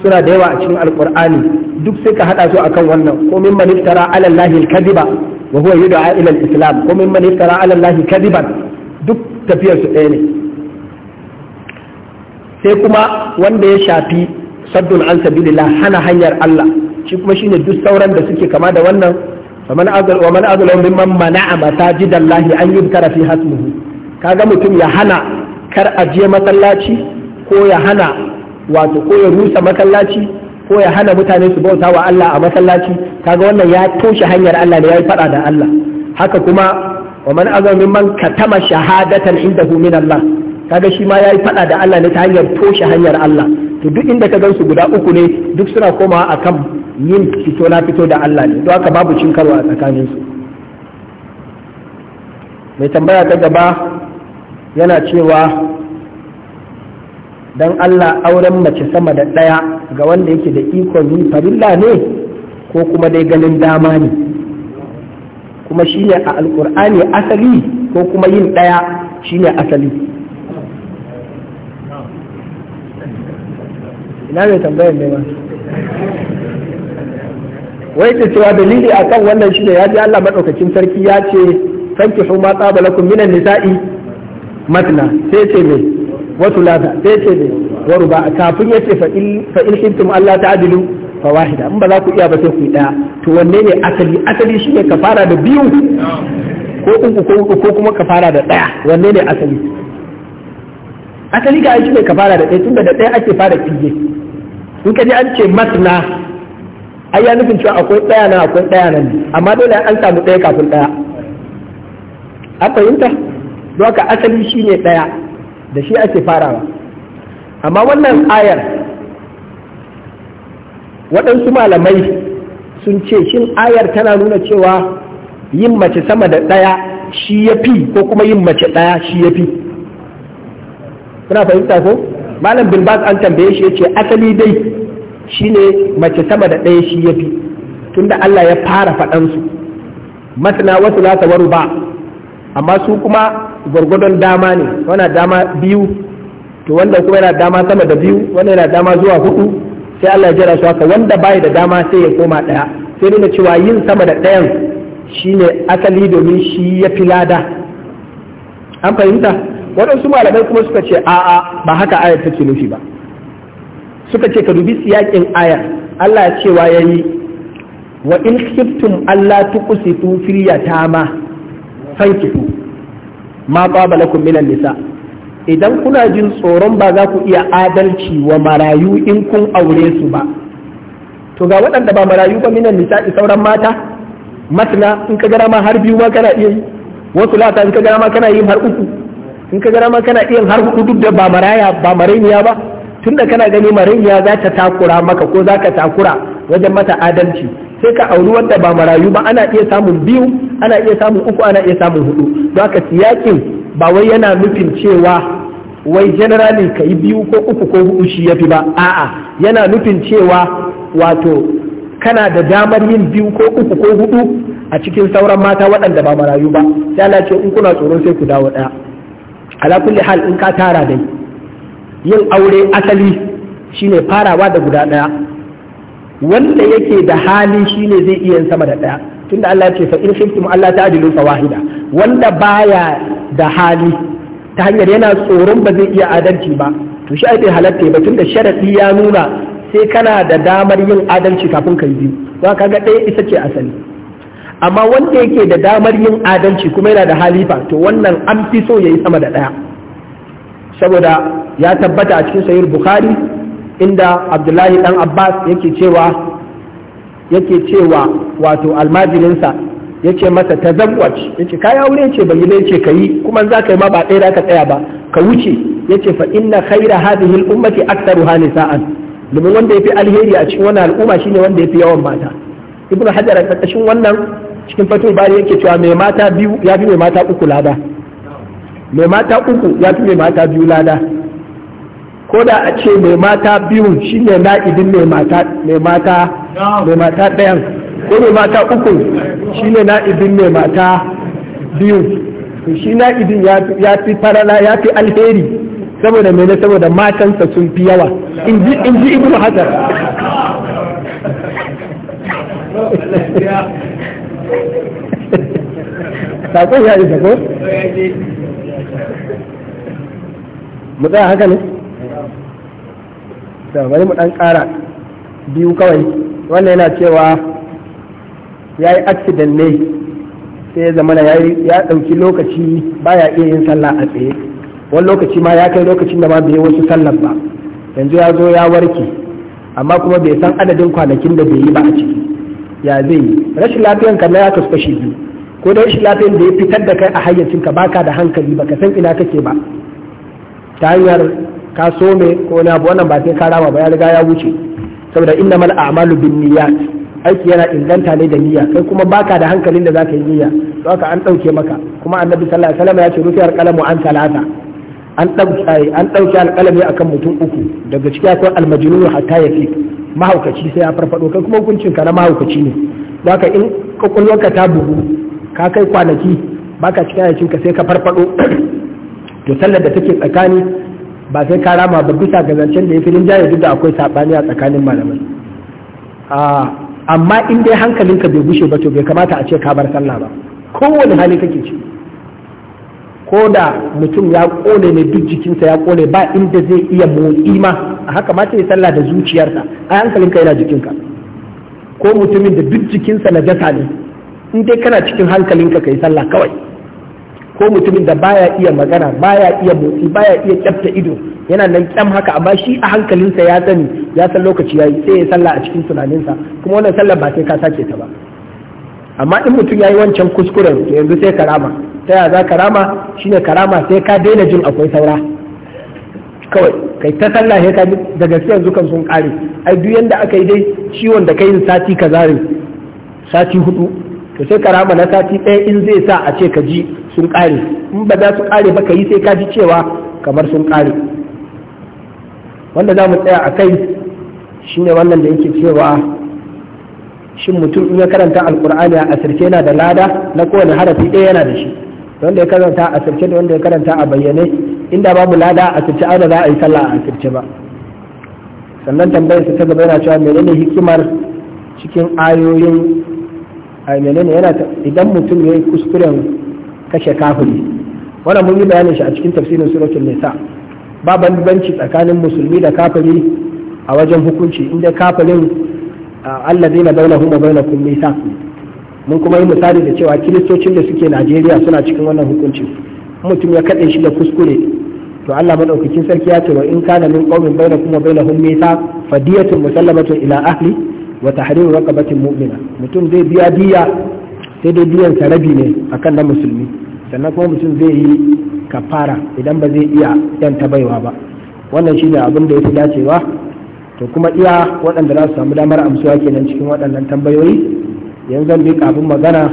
suna da yawa a cikin alkur'ani duk sai ka hada su akan wannan ko mimman iftara ala Allah kadiba wa huwa yud'a ila al-islam ko mimman iftara ala Allah kadiban duk tafiyar su ɗaya ne sai kuma wanda ya shafi saddun an sabilillah hana hanyar Allah shi kuma shine duk sauran da suke kama da wannan faman azal wa man azal mimman mana'a masajidallahi an yubkara fi hasmuhu kaga mutum ya hana kar a je masallaci ko ya hana wato ko ya rusa masallaci ko ya hana mutane su bauta wa Allah a masallaci kaga wannan ya toshe hanyar Allah ne yayi fada da Allah haka kuma wa man azal mimman katama shahadatan indahu min Allah kaga shi ma yi fada da Allah ne ta hanyar toshe hanyar Allah to duk inda ka gansu guda uku ne duk suna komawa akan yin fito na fito da Allah ne don haka babu cin karo a tsakanin su mai tambaya ta gaba yana cewa dan Allah auren mace sama da ɗaya ga wanda yake da ikon yi farilla ne ko kuma dai ganin dama ne kuma shine a alkur'ani asali ko kuma yin ɗaya shine asali ina mai tambayar ne ba wai ce cewa dalili akan wannan shi ne ya ji Allah maɗaukacin sarki ya ce sanki huma tsaba lakum minan nisa'i matna sai ce me wasu thulatha sai ce me wa ruba kafin ya ce fa in Allah Allah adilu fa wahida in ba za ku iya ba sai ku ɗaya. to wanne ne asali asali shi ne ka fara da biyu ko uku ko uku ko kuma ka fara da ɗaya, wanne ne asali asali ga aiki ne fara da ɗaya tunda da ɗaya ake fara fije in ka ji an ce matna ai ya nufin cewa akwai ɗaya nan akwai ɗaya nan amma dole an samu ɗaya kafin ɗaya a fahimta don haka asali shi ne ɗaya da shi ake farawa amma wannan ayar waɗansu malamai sun ce shin ayar tana nuna cewa yin mace sama da ɗaya shi ya fi ko kuma yin mace ɗaya shi ya fi kuna fahimta ko malam bin baz an tambaye shi yace asali dai shine mace sama da ɗaya shi yafi tunda Allah ya fara faɗan su masana wasu la tawaru ba amma su kuma gwargwadon dama ne wannan dama biyu to wanda kuma yana dama sama da biyu wanda yana dama zuwa hudu sai Allah ya jira su haka wanda bai da dama sai ya koma ɗaya sai nuna cewa yin sama da ɗayan shine asali domin shi yafi lada an fahimta waɗansu malamai kuma suka ce a'a ba haka ayar take nufi ba suka ce ka dubi siyakin ayar Allah cewa yayi wa in khiftum alla tuqsitu fil yatama fankihu ma qaba lakum minan nisa idan kuna jin tsoron ba za ku iya adalci wa marayu in kun aure su ba to ga waɗanda ba marayu ba minan i sauran mata matna in ka gara ma har biyu ma kana iya yi wasu lata in ka gara ma kana yi har uku in ka gara ma kana iya har hudu duk da ba maraya ba marainiya ba tunda kana gani marainiya za ta takura maka ko za ka takura wajen mata adalci sai ka auri wanda ba marayu ba ana iya samun biyu ana iya samun uku ana iya samun hudu don haka siyakin ba wai yana nufin cewa wai generally ka yi biyu ko uku ko hudu shi yafi ba a'a yana nufin cewa wato kana da damar yin biyu ko uku ko hudu a cikin sauran mata waɗanda ba marayu ba sai Allah ce in kuna tsoron sai ku dawo ɗaya ala kulli hal in ka tara dai yin aure asali shine farawa da guda daya wanda yake da hali shine zai iya sama da daya tunda Allah ya ce fa in shiftum Allah ta'dilu fa wahida wanda baya da hali ta hanyar yana tsoron ba zai iya adalci ba to shi bai halatta ba tunda sharadi ya nuna sai kana da damar yin adalci kafin ka yi biyu ba kaga ɗaya isa ce asali amma wanda yake da damar yin adalci kuma yana da halifa to wannan an fi so ya yi sama da ɗaya saboda ya tabbata a cikin sayar bukhari inda abdullahi dan abbas yake cewa yake cewa wato almajirinsa ya ce masa ta zangwac yake kaya wuri ce bai ne ce ka yi kuma za ka yi ma ba ɗaya da ka tsaya ba ka wuce yake fa inna khaira hadhihi al-ummati aktharuha nisa'an domin wanda yafi alheri a cikin wannan al'umma shine wanda yafi yawan mata ibn hajar a ƙarƙashin wannan cikin fatu bari yake cewa mai mata biyu ya fi mai mata uku lada mai mata uku ya fi mai mata biyu lada ko da a ce mai mata biyun shine na'ibin mai mata mai mata mai mata ɗayan ko mai mata uku shine na'ibin mai mata biyun shi na'ibin ya fi farala ya fi alheri saboda mene saboda matansa sun fi yawa in ji ibn hajar sakon ya isa ko? mu tsaya haka ne? da bari mu ɗan ƙara biyu kawai wannan yana cewa ya yi accident ne sai ya zama ya ɗauki lokaci baya iya yin sallah a tsaye wani lokaci ma ya kai lokacin da ma bai wasu sallar ba yanzu ya zo ya warke amma kuma bai san adadin kwanakin da bai yi ba a ciki ya zai yi rashin lafiyan ka na ya kasu kashi biyu ko da rashin lafiyan da ya fitar da kai a ka baka da hankali baka san ina kake ba ta hanyar ka so me ko na abu wannan ba sai ka rama ba ya riga ya wuce saboda mal a'malu niyyat aiki yana inganta ne da niyya kai kuma baka da hankalin da zaka yi niyya to haka an dauke maka kuma annabi sallallahu alaihi wasallam ya ce rufiyar qalamu an salata an ɗauki dauke a kan mutum uku daga ciki akwai almajnun hatta ya mahaukaci sai ya farfado kai kuma hukuncin ka na mahaukaci ne ka in ka ta bugu ka kai kwanaki baka cikin yakin ka sai ka farfado to sallar da take tsakani ba sai ka rama ba bisa ga zancen da ya filin jaya duk da akwai sabani a tsakanin malamai amma in dai hankalinka bai gushe ba to bai kamata a ce ka bar sallah ba kowane hali kake ci ko da mutum ya kone ne duk jikinsa ya kone ba inda zai iya motsi ma haka ma yi sallah da zuciyarsa a hankalinka yana jikinka ko mutumin da duk jikinsa na jasa ne in dai kana cikin hankalinka kai sallah kawai ko mutumin da baya iya magana baya iya motsi baya iya kyafta ido yana nan kyam haka amma shi a hankalinsa ya sani ya san lokaci yayi sai ya sallah a cikin tunaninsa kuma wannan sallah ba sai ka sake ta ba amma in mutum ya yi wancan kuskuren yanzu sai karama ta yaya za karama shine karama sai ka daina jin akwai saura kawai kai ta sallah he ka da gaskiya kan sun kare ai duk yanda aka yi dai ciwon da kai sati ka zare sati hudu to sai ka na sati ɗaya in zai sa a ce ka ji sun kare in ba za su kare ba ka yi sai ka ji cewa kamar sun kare wanda za mu tsaya a kai shine wannan da yake cewa shin mutum in ya karanta alkur'ani a asirce yana da lada na kowane harafi ɗaya yana da shi wanda ya karanta a asirce da wanda ya karanta a bayyane inda babu lada a asirce aure za a yi sallah a asirce ba sannan tambayar ta gaba yana cewa menene hikimar cikin ayoyin a menene yana idan mutum ya yi kuskuren kashe kafiri wannan mun yi bayanin shi a cikin tafsirin suratul nisa ba banbanci tsakanin musulmi da kafiri a wajen hukunci inda kafirin Allah na alladina bainahum wa kun nisa mun kuma yi misali da cewa kiristocin da suke Najeriya suna cikin wannan hukuncin mutum ya kaɗe shi da kuskure to Allah madaukakin sarki ya ce wa in kana min qaumin kuma wa hum mita fadiyatun musallamatun ila ahli wa tahriru raqabatin mu'mina mutum zai biya diya sai dai biyan sa rabi ne akan na musulmi sannan kuma mutum zai yi kafara idan ba zai iya yan ta baiwa ba wannan shine abin da yake dacewa to kuma iya waɗanda za su samu damar amsuwa kenan cikin waɗannan tambayoyi yanzu zan bi kafin magana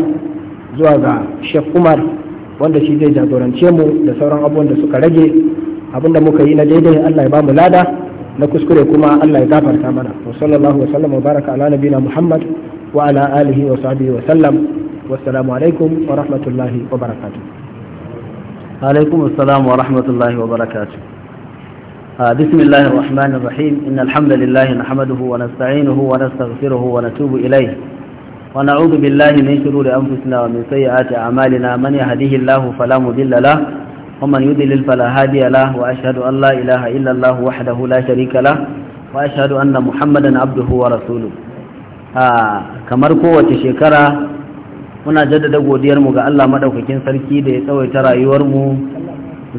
zuwa ga Sheikh Umar wanda shi zai jagorance mu da sauran abubuwan da suka rage abinda muka yi na daidai Allah ya ba mu lada na kuskure kuma Allah ya gafarta mana wa sallallahu wa sallam wa baraka ala nabina Muhammad wa ala alihi wa sahbihi wa sallam wassalamu alaikum wa rahmatullahi wa barakatuh alaikum assalam wa rahmatullahi wa barakatuh بسم الله الرحمن الرحيم إن الحمد لله نحمده ونستعينه ونستغفره ونتوب إليه ونعوذ بالله من شرور أنفسنا ومن سيئات أعمالنا من يهديه الله فلا مضل له ومن يضلل فلا هادي له وأشهد أن لا إله إلا الله وحده لا شريك له وأشهد أن محمدا عبده ورسوله kamar kowace shekara muna jaddada godiyarmu ga Allah madaukakin sarki da ya tsawaita rayuwarmu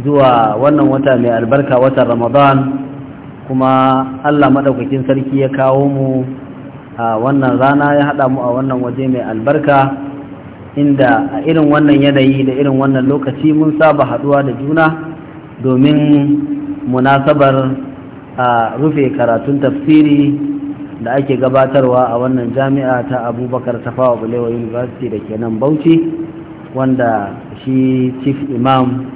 zuwa wannan wata mai albarka watan Ramadan kuma Allah madaukakin sarki ya kawo mu a wannan rana ya haɗa mu a wannan waje mai albarka inda a irin wannan yanayi da irin wannan lokaci mun saba haɗuwa da juna domin munasabar a rufe karatun tafsiri da ake gabatarwa a wannan jami'a ta abubakar tafawa bulewa university da ke nan bauchi wanda shi chief imam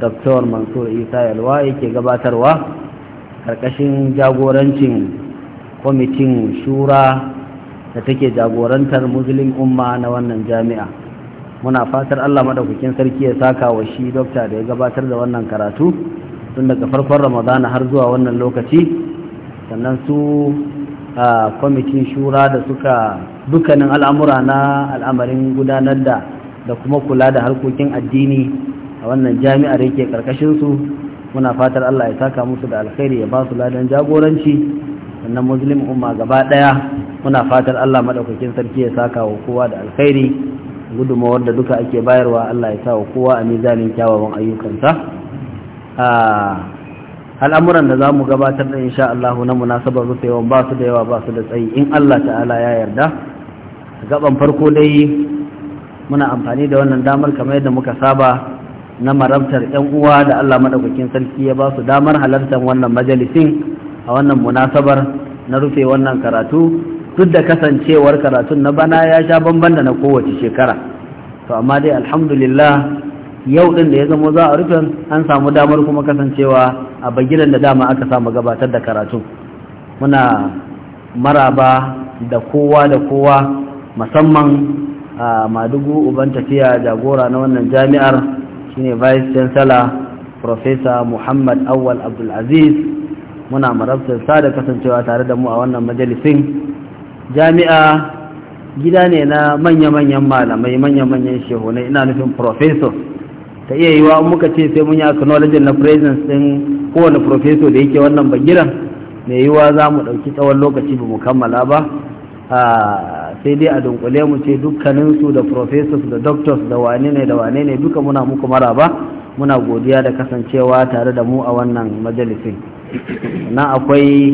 dr mansur isa yalwa yake gabatarwa karkashin jagorancin kwamitin shura da take jagorantar muslim umma na wannan jami'a muna fatar allah madaukakin sarki ya saka wa shi dokta da ya gabatar da wannan karatu tun daga farkon ramadana har zuwa wannan lokaci sannan su a kwamitin shura da suka dukkanin al'amura na al'amarin gudanar da da kuma kula da harkokin addini a wannan jami'ar yake su muna fatar allah ya saka musu da alkhairi ya ba su ladan jagoranci Wannan muslim umma gaba daya muna fatar Allah madaukakin sarki ya saka wa kowa da alkhairi gudumawar da duka ake bayarwa Allah ya sa wa kowa a mizanin kyawawan ayyukansa al'amuran da za mu gabatar da insha Allah na munasabar rufewan ba su da yawa ba su da tsayi in Allah ta'ala ya yarda gaban farko dai muna amfani da wannan damar kamar yadda muka saba na marabtar 'yan uwa da Allah madaukakin sarki ya ba su damar halartar wannan majalisin a wannan munasabar na rufe wannan karatu duk da kasancewar karatun na bana ya sha bamban da na kowace shekara to amma dai alhamdulillah yau din da ya zama za a rufe an samu damar kuma kasancewa a bagiran da dama aka samu gabatar da karatu muna maraba da kowa da kowa musamman a madugu uban tafiya jagora na wannan jami'ar shine vice chancellor professor muhammad awal abdulaziz muna marabtar sa da kasancewa tare da mu a wannan majalisin jami'a gida ne na manya-manyan malamai manya-manyan shehunai ina nufin professor ta iya yiwa muka ce sai mun yi acknowledging na presence din kowane professor da yake wannan bagiran mai yiwa za mu ɗauki tsawon lokaci ba mu kammala ba sai dai a dunkule mu ce dukkaninsu da professors da doctors da wane ne da wane ne duka muna muku maraba muna godiya da kasancewa tare da mu a wannan majalisin na akwai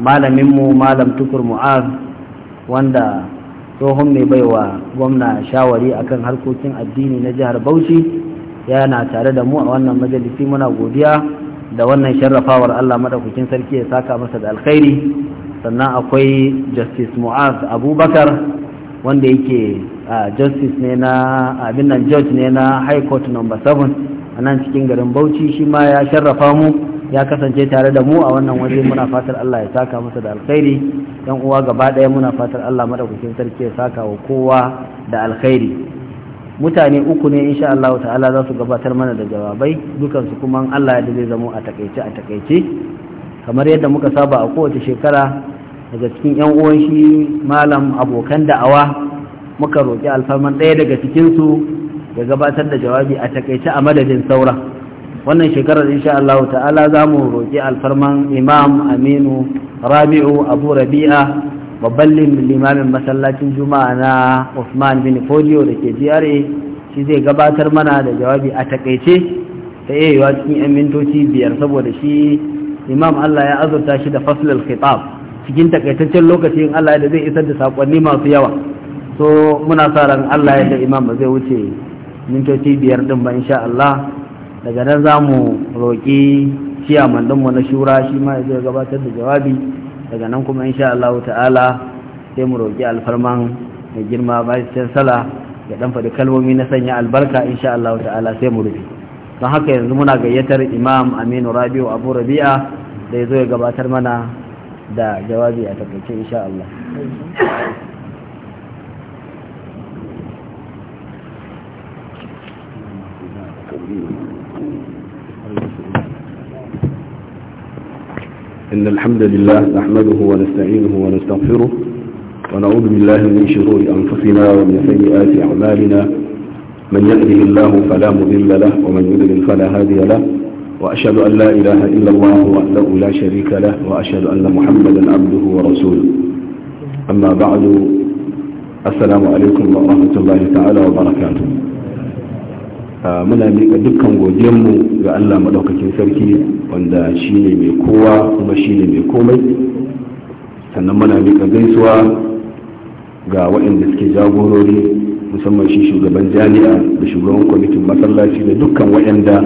malaminmu malam tukur mu'az wanda tsohon mai baiwa gwamna shawari akan harkokin addini na jihar bauchi yana tare da mu a wannan majalisi muna godiya da wannan sharrafawar allah madaukakin sarki ya saka masa da alkhairi sannan akwai justice mu'az abubakar wanda yake justice ne na abin nan judge ne na high court number 7 a nan cikin garin bauchi shi ma ya sharrafa mu ya kasance tare da mu a wannan waje muna fatar Allah ya saka masa da alkhairi yan uwa gaba ɗaya muna fatar Allah madaukakin sarki ya saka wa kowa da alkhairi mutane uku ne insha Allah ta'ala za su gabatar mana da jawabai dukansu kuma Allah ya zai zamu a takaice a takaice kamar yadda muka saba a kowace shekara daga cikin yan uwan shi malam abokan da'awa muka roki alfarman ɗaya daga cikinsu ya gabatar da jawabi a takaice a madadin saura wannan shekarar insha Allah ta'ala za mu roƙi alfarman imam aminu rabi'u abu rabi'a babban limamin masallacin juma'a na usman bin da ke GRA shi zai gabatar mana da jawabi a takaice ta yayyuwa cikin 'yan mintoci biyar saboda shi imam Allah ya azurta shi da faslul khitab cikin takaitaccen lokacin Allah da zai isar da sakonni masu yawa so muna sa ran Allah ya da imam ba zai wuce mintoci biyar din ba insha Allah daga nan za mu roƙi ciyaman ɗinmu na shura shi ma zai gabatar da jawabi daga nan kuma insha Allah ta'ala sai mu roƙi alfarman mai girma bayan sala ya ɗan faɗi kalmomi na sanya albarka insha Allah ta'ala sai mu rufe don haka yanzu muna gayyatar imam aminu rabiu abu rabi'a da ya zo ya gabatar mana da jawabi a tabbace insha Allah Thank you. إن الحمد لله نحمده ونستعينه ونستغفره ونعوذ بالله من شرور أنفسنا ومن سيئات أعمالنا من يهده الله فلا مضل له ومن يضلل فلا هادي له وأشهد أن لا إله إلا الله وحده لا شريك له وأشهد أن محمدا عبده ورسوله أما بعد السلام عليكم ورحمة الله تعالى وبركاته muna miƙa dukkan godiyarmu ga Allah maɗaukakin sarki wanda shi ne mai kowa kuma shi ne mai komai sannan muna mika gaisuwa ga waɗanda suke jagorori musamman shi shugaban jami'a da shugaban kwamitin masallaci da dukkan waɗanda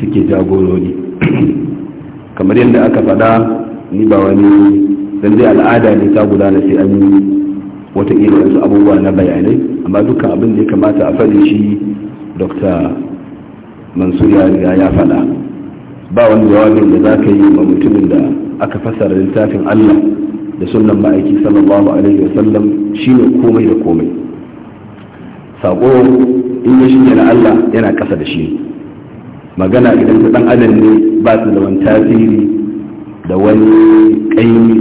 suke jagorori kamar yadda aka faɗa ni ba wani dan dai al'ada ne ta gudana sai an yi wata irin abubuwa na bayanai amma dukkan abin da ya kamata a faɗi shi dr mansur ya faɗa ba wani jawabin da za ka yi ma mutumin da aka fassara littafin Allah da sunan ma'aiki sallallahu alaihi Sallam shine komai da komai sako in ya shige na Allah yana kasa da shi magana idan ta dan adam ne ba su da wani tasiri da wani ƙaimi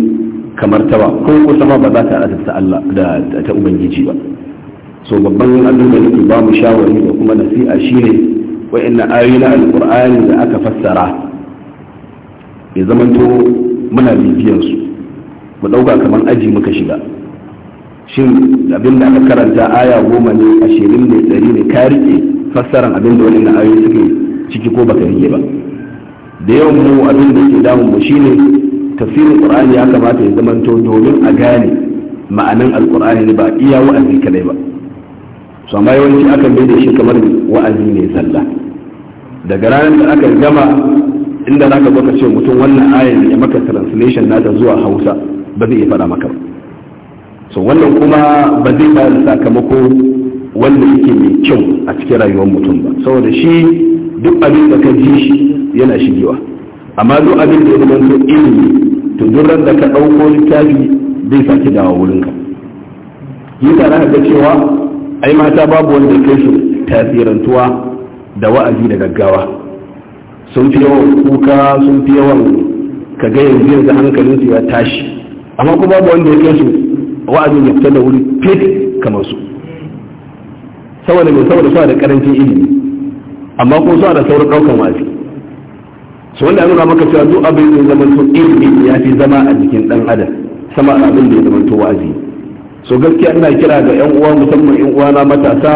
kamar ta ba ko kusa ma ba za ta azabta Allah da ta ubangiji ba so babban abin da nake ba mu shawari da kuma nasi'a shine wa'annan ayoyi na alkur'ani da aka fassara ya zamanto muna bibiyansu mu ɗauka kamar aji muka shiga shin abin da aka karanta aya goma ne ashirin ne ɗari ne ka riƙe fassaran abin da wa'annan ayoyi suke ciki ko baka riƙe ba da yawan mu abin da ke damun mu shine tafsirin qur'ani ya kamata ya zamanto domin a gane ma'anan alqur'ani ne ba iya wa'azi kadai ba su amma yawanci akan bai da shi kamar wa'azi ne sallah daga ranar da aka gama inda za ka zo ka ce mutum wannan ayan ya maka translation nata zuwa hausa ba zai iya faɗa maka ba so wannan kuma ba zai ba da sakamako wanda yake mai kyau a cikin rayuwar mutum ba saboda shi duk abin da ka ji shi yana shigewa amma duk abin da ya zama to ilimi to duk da ka ɗauko littafi zai sake dawo ka. yi tare da cewa ai mata babu wanda ya kai su tasirantuwa da wa'azi da gaggawa sun fi yawan kuka sun fi yawan ka ga yanzu yanzu hankalin su ya tashi amma kuma babu wanda ya kai su wa'azi ya fita da wuri fit kamar su saboda mai saboda suna da karancin ilimi amma kuma suna da saurin ɗaukan wa'azi su wanda nuna maka cewa duk abin da zama to ilimi ya fi zama a jikin ɗan adam sama abin da ya zama to wa'azi so gaskiya ina kira ga yan uwa musamman yan uwa na matasa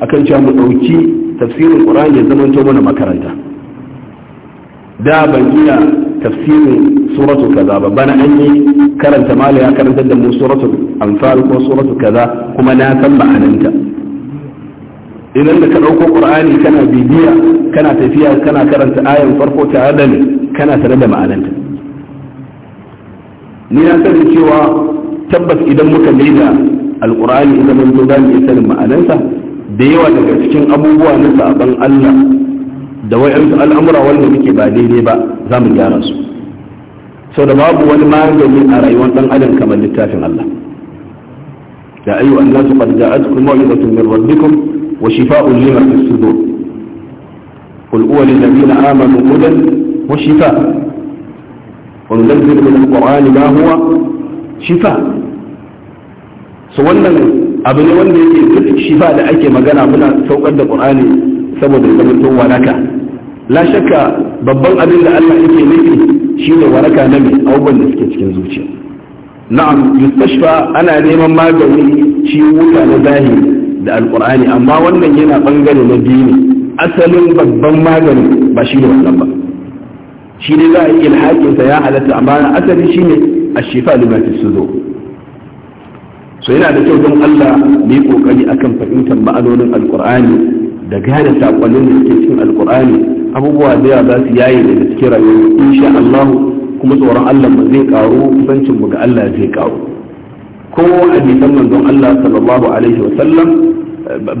akan cewa mu ɗauki tafsirin qur'ani ya zama to mana makaranta da ban iya tafsirin suratu kaza ba bana an yi karanta mala ya karanta da mu suratu anfal ko suratu kaza kuma na san ma'ananta idan da ka ɗauko qur'ani kana bibiya kana tafiya kana karanta ayan farko tare da ni kana tare da ma'ananta ni na sani cewa tabbas idan muka maida alqur'ani idan mun zo za mu iya sanin ma'anansa da yawa daga cikin abubuwa na sabon Allah da wayansu al'amura wanda muke ba daidai ba za mu gyara su sau da babu wani magani a rayuwar dan adam kamar littafin Allah ya ayu an annasu qad ja'atkum maw'izatun min rabbikum wa shifaa'un lima fi sudur qul huwa lil ladina amanu hudan wa shifaa' wa nunzilu min al-qur'ani ma huwa shifaa' su wannan abu ne wanda yake duk shifa da ake magana muna saukar da qur'ani saboda zaman waraka la shakka babban abin da Allah yake nufi shine waraka na mai abubuwan da suke cikin zuciya na'am yustashfa ana neman magani ciwuka na zahiri da alqur'ani amma wannan yana bangare na biyu ne asalin babban magani ba shi ne wannan ba shi ne za a yi ilhaƙinsa ya halatta amma asali shi ne a shifa limatis su zo so yana da kyau don Allah mu kokari akan fahimtar ma'anonin alqur'ani da gane sakonnin da suke cikin alqur'ani abubuwa da yawa za su yaye daga cikin rayuwar insha Allah kuma tsoron Allah ba zai karu kusancin mu ga Allah zai karu ko hadisan manzon Allah sallallahu alaihi wa sallam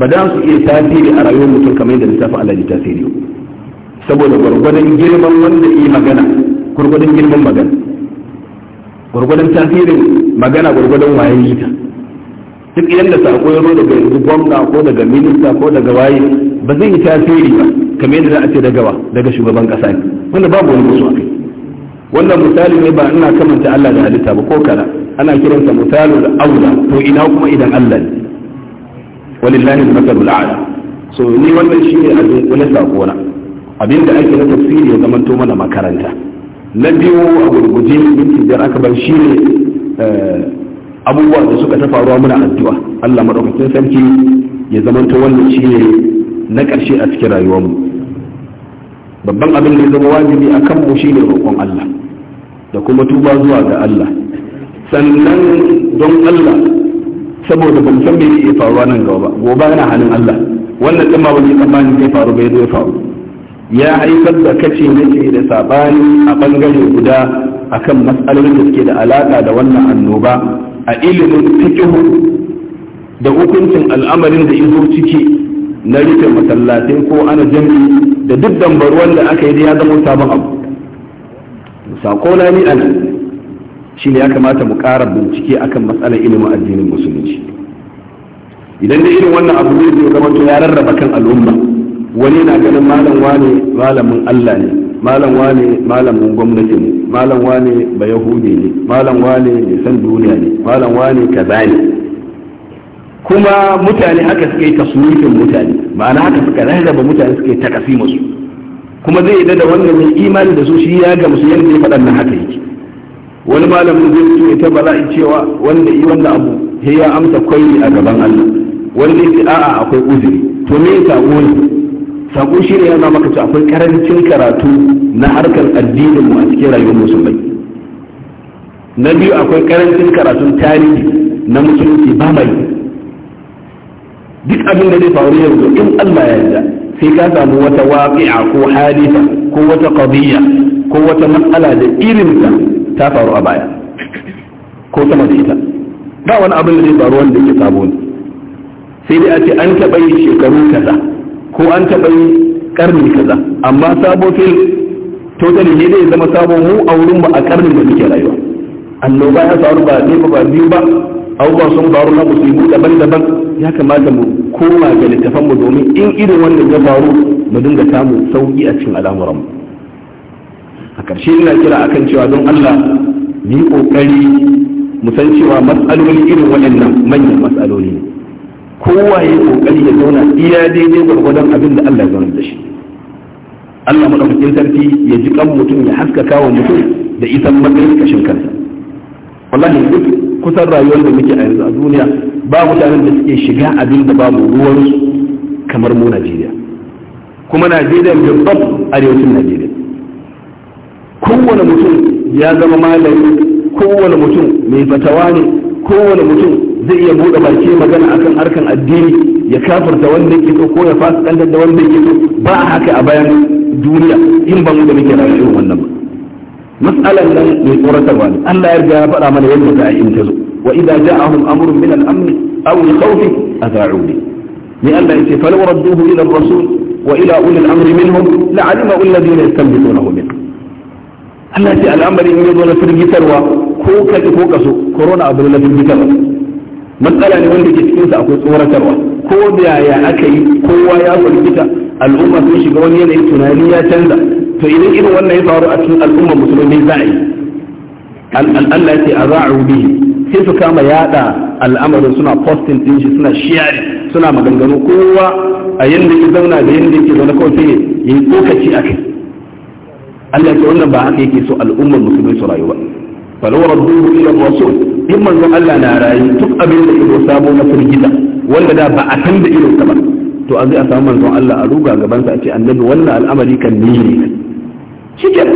ba da su iya tasiri a rayuwar mutum kamar yadda littafin Allah ya tasiri saboda gwargwadon girman wanda yi magana gwargwadon girman magana gwargwadon tasirin magana gwargwadon waye yi ta duk yadda sako ya zo daga yanzu gwamna ko daga minista ko daga waye ba zai yi tasiri ba kamar yadda za a ce daga wa daga shugaban kasa ne wanda babu wani musu akai wannan misali ne ba ina kamanta Allah da halitta ba ko kana ana kiransa misalu da aula to ina kuma idan Allah ne walillahi al-masalu al-a'la so ni wannan shine a dunkule sako na abinda ake na tafsiri ya zamanto mana makaranta na biyu a gurguje minti da aka bar shine eh, abubuwa da suka ta faruwa muna addu'a Allah madaukakin sarki ya zamanta wannan shine na ƙarshe a cikin rayuwarmu babban abin da ya zama wajibi a kanmu shine roƙon Allah da kuma tuba zuwa ga Allah sannan don Allah saboda ban san me ya faruwa nan gaba ba, gobe yana halin Allah wannan din ma wani zai zai faru bai zai faru ya haifar da kace nake da sabani a bangare guda akan matsalolin da suke da alaka da wannan annoba a ilimin fikihu da hukuncin al'amarin da izo ciki na rufe masallatin ko ana jami da duk dambaruwan da aka yi ya zama sabon abu sako na ni ana shi ne ya kamata mu ƙara bincike akan matsalar ilimin addinin musulunci idan da irin wannan abu ne zai zama to ya rarraba kan al'umma wani na ganin malam wane malamin Allah ne malam wane malamin gwamnati ne malam wane ba yahudi ne malam wane mai san duniya ne malam wane kaza ne kuma mutane haka suke yi tasnifin mutane ma'ana haka suka rarraba mutane suke takasi musu, kuma zai da wannan mai imani da su shi ya ga musu yanda ya faɗan haka yake wani malamin zai fito ita bala'i cewa wanda yi wanda abu sai ya amsa kwai a gaban Allah wanda ce a'a akwai uzuri to me ya sako ne sako shi ne yana maka cewa akwai karancin karatu na harkar addinin mu a cikin rayuwar musulmai na biyu akwai karancin karatun tarihi na musulunci ba mai duk abin da zai faru yanzu in Allah ya yarda sai ka samu wata waqi'a ko hadisa ko wata qadiyya ko wata matsala da irinta ta faru a baya ko sama da ita ba wani abin da zai faru wanda ke sabo ne sai dai a ce an taɓa yi shekaru kaza ko an taɓa yi ƙarni kaza amma sabo fil totali ne zai zama sabo mu a wurin mu a karnin da muke rayuwa annoba ya faru ba ne ba biyu ba abubuwa sun faru na musulmi daban-daban ya kamata mu koma ga littafan mu domin in irin wannan ya faru mu dinga samu sauki a cikin al'amuran mu a ƙarshe ina kira kan cewa don Allah mu yi ƙoƙari mu san cewa matsaloli irin waɗannan manyan matsaloli ne kowa ya kokari ya zauna iya daidai gwargwadon abin da Allah ya zauna da shi Allah madaukakin sarki ya ji kan mutum ya haskaka wa mutum da isan matsayin kashin kansa wallahi duk kusan rayuwar da muke a yanzu a duniya ba mutanen da suke shiga abin da babu ruwansu kamar mu Najeriya kuma Najeriya babban arewacin Najeriya kowane mutum ya zama malami kowane mutum mai fatawa ne kowane mutum zai iya buɗe baki magana akan harkan addini ya kafarta wanda yake so ko ya fasikantar da wanda yake so ba haka a bayan duniya in ba mu da muke rayuwa irin wannan ba mas'alan nan mai tsoratarwa ne Allah ya riga ya faɗa mana yadda ta in ta zo wa idza ja'ahum amrun min al-amn aw al-khawf adha'u bi ni Allah yace fa law radduhu ila ar-rasul wa ila ulil amri minhum la'alima alladhina yastanbitunahu minhum Allah ya ce al'amari in zo na firgitarwa ko kaji ko kaso corona abu na firgitarwa matsala ne wanda ke cikinsa akwai tsoratarwa ko da aka yi kowa ya firgita al'umma sun shiga wani yanayi tunani ya canza to idan irin wannan ya faru a cikin al'umma musulmi za a yi Allah ya ce a za'u bihi sai su kama yada al'amarin suna posting din shi suna sharing suna maganganu kowa a yanda ya zauna da yanda yake zaune kawai sai ya yi tsokaci a kai Allah ya ce wannan ba haka yake so al'ummar musulmi su rayuwa falau rabbuhu ila rasul in manzon Allah na rayu duk abin da ido sabo na firgita wanda da ba a san da ido ba to a zai a samu manzon Allah a ruga gaban sa a ce annabi wannan al'amari kan ni ne shike in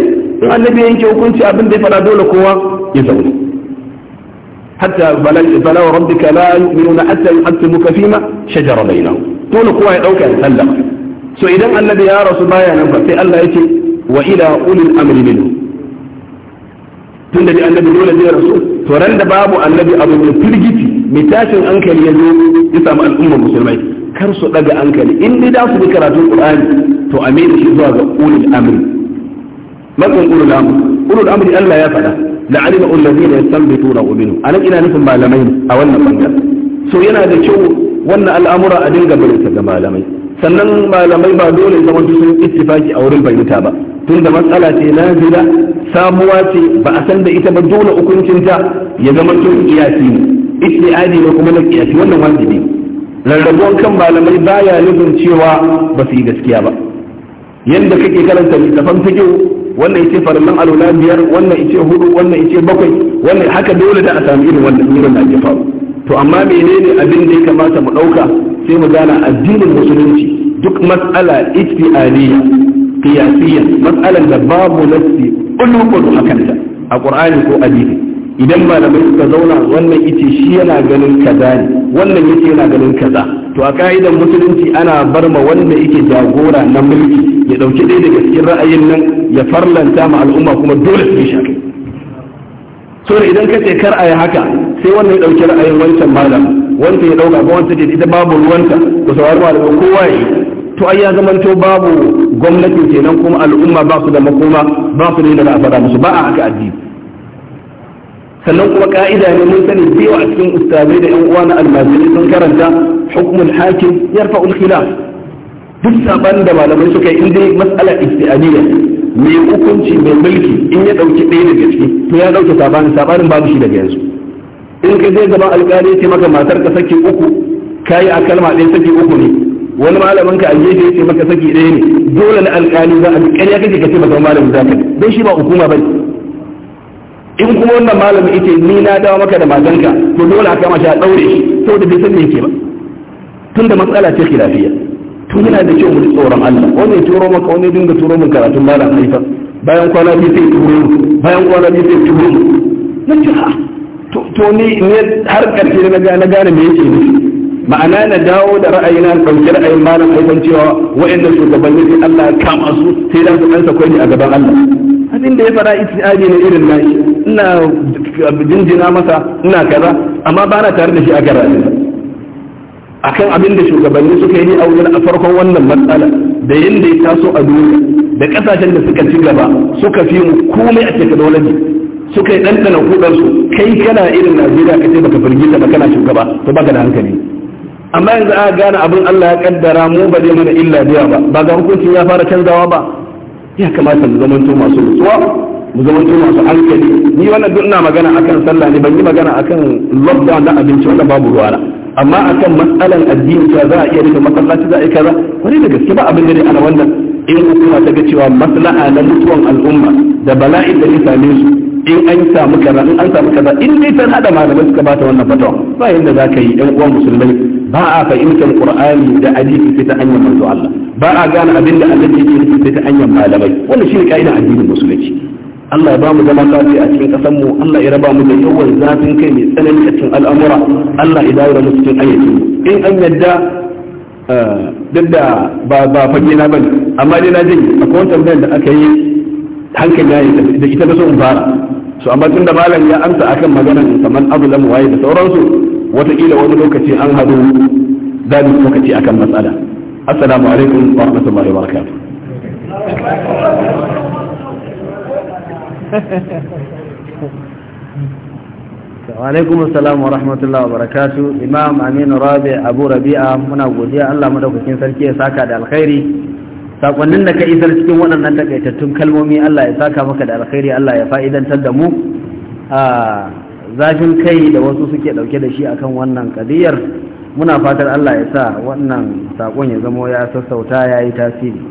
annabi yanke hukunci abin da ya fara dole kowa ya zauna hatta bala wa rabbika la yu'minuna hatta yuhaqqimuka fima shajara bainahum dole kowa ya dauka ya sallama so idan annabi ya rasu baya nan ba sai Allah yake wa ila ulil amri minhum tun da annabi dole zai rasu to ran da babu annabi abu ne firgici mai tashin hankali ya zo ya samu al'ummar musulmai kar su daga hankali in dai da su bi karatun qur'ani to a shi zuwa ga ulul amri makan ulul amri ulul amri Allah ya faɗa la alima alladhina yastanbituna minhu anan ina nufin malamai a wannan bangaren so yana da kyau wannan al'amura a dinga barinta ga malamai sannan malamai ba dole zaman sun ittifaki a wurin bayyuta ba tunda matsala ce na nazila samuwa ce ba a san da ita ba dole hukuncinta ya zama tun kiyasi ne istiadi ne kuma na kiyasi wannan wajibi rarrabuwan kan malamai baya nufin cewa ba su yi gaskiya ba yadda kake karanta littafan fikihu wannan yace farman alula biyar wannan yace hudu wannan yace bakwai wannan haka dole da a samu irin wannan irin da ake faru to amma menene abin da ya kamata mu ɗauka sai mu gana addinin musulunci duk mas'ala ijtihadiyya قياسيا matsalar da babu كل كل kullu akan ta a qur'ani ko idan malamai suka zauna wannan yace shi yana ganin kaza ne wannan yace yana ganin kaza to a ka'idan musulunci ana bar ma wanda yake jagora na mulki ya dauki ɗaya daga cikin ra'ayin nan ya farlanta ma al'umma kuma dole su shi so da idan kace kar a yi haka sai wannan ya dauki ra'ayin wancan malam wanda ya dauka ba wancan ita babu ruwanta ku saurari malamai kowa ya yi to ai ya zamanto babu gwamnati kenan kuma al'umma ba su da makoma ba su da za a faɗa musu ba a haka addini sannan kuma ka'ida ne mun sani biyu a cikin ustazai da yan uwa na almajiri sun karanta hukumul hakim yarfa'ul khilaf duk saban da malamai suka yi inda mas'ala isti'aniya mai hukunci mai mulki in ya dauki ɗaya daga ciki to ya dauke sabanin sabanin babu shi daga yanzu in ka zai zama alƙali ce maka matar ka sake uku kayi a kalma ɗaya saki uku ne wani malamin ka a gefe yace maka saki ɗaya ne dole na alƙali za a bi ƙarya kake kace maka malamin zaka dan shi ba hukuma bane in kuma wannan malami yace ni na dawo maka da matanka to dole a kama shi a ɗaure shi saboda bai san me yake ba da matsala ce khilafiyya to yana da kyau mu tsoron Allah wani ya turo maka wani dinga turo min karatun malam haifa bayan kwana biyu sai turo bayan kwana biyu sai turo na ce ha to ni har karshe na gane me yake nufi ma'ana na dawo da ra'ayina na ɗauki ra'ayin malam aikan cewa wa'annan shugabanni sai Allah ya kama su sai da su ɗan sakwai a gaban Allah abin da ya fara ijtihadi ne irin nashi ina jinjina masa ina kaza amma ba na tare da shi a karatu akan abin da shugabanni suka yi a wajen a farkon wannan matsala da yadda ya taso a duniya da kasashen da suka ci gaba suka fi mu komai a technology suka yi ɗanɗana kudansu kai kana irin najeriya ka ce baka firgita ba kana shugaba to baka da hankali amma yanzu aka gane abin Allah ya kaddara mu ba zai mana illa biya ba ba ga hukuncin ya fara canzawa ba ya kamata mu zamanto masu nutsuwa mu zamanto masu hankali ni wannan duk ina magana akan sallah ne ban yi magana akan lockdown na abinci wanda babu ruwa amma akan matsalan addini cewa za a iya rike masallaci za a yi kaza wani da gaske ba abin da dai ana wannan in hukuma ta ga cewa maslaha na mutuwan al'umma da bala'in da ya same su in an samu kaza in an samu kaza in dai san hada malamai suka bata wannan fatawa ba yanda za ka yi ɗan uwan musulmai ba a fahimtar qur'ani da hadisi sai ta hanyar manzo Allah ba a gane abin da Allah yake nufi sai ta hanyar malamai wannan shine kaidar addinin musulunci Allah ya ba mu zama lafiya a cikin kasan mu Allah ya raba mu da yawan zafin kai mai tsanani a cikin al'amura Allah ya dawo da mu cikin ayyuka in an yadda eh, duk da ba ba fage na bane amma dai na ji akwai wata tambayar da aka yi hankali yayi da ita da so in fara so amma tun da malam ya amsa akan maganar kamar azlamu waye da sauransu wataƙila wani lokaci an hadu za mu lokaci akan matsala assalamu alaikum wa rahmatullahi wa barakatuh alaikum assalam wa rahmatullahi wa barakatu imam aminu rabi abu rabi'a muna godiya allah madaukakin sarki ya saka da alkhairi sakonnin da ka isar cikin waɗannan takaitattun kalmomi allah ya saka maka da alkhairi allah ya fa'idantar da mu ah, zafin kai da wasu suke dauke da shi akan wannan kadiyar muna fatar Allah ya sa wannan sakon ya zamo ya sassauta ya yi tasiri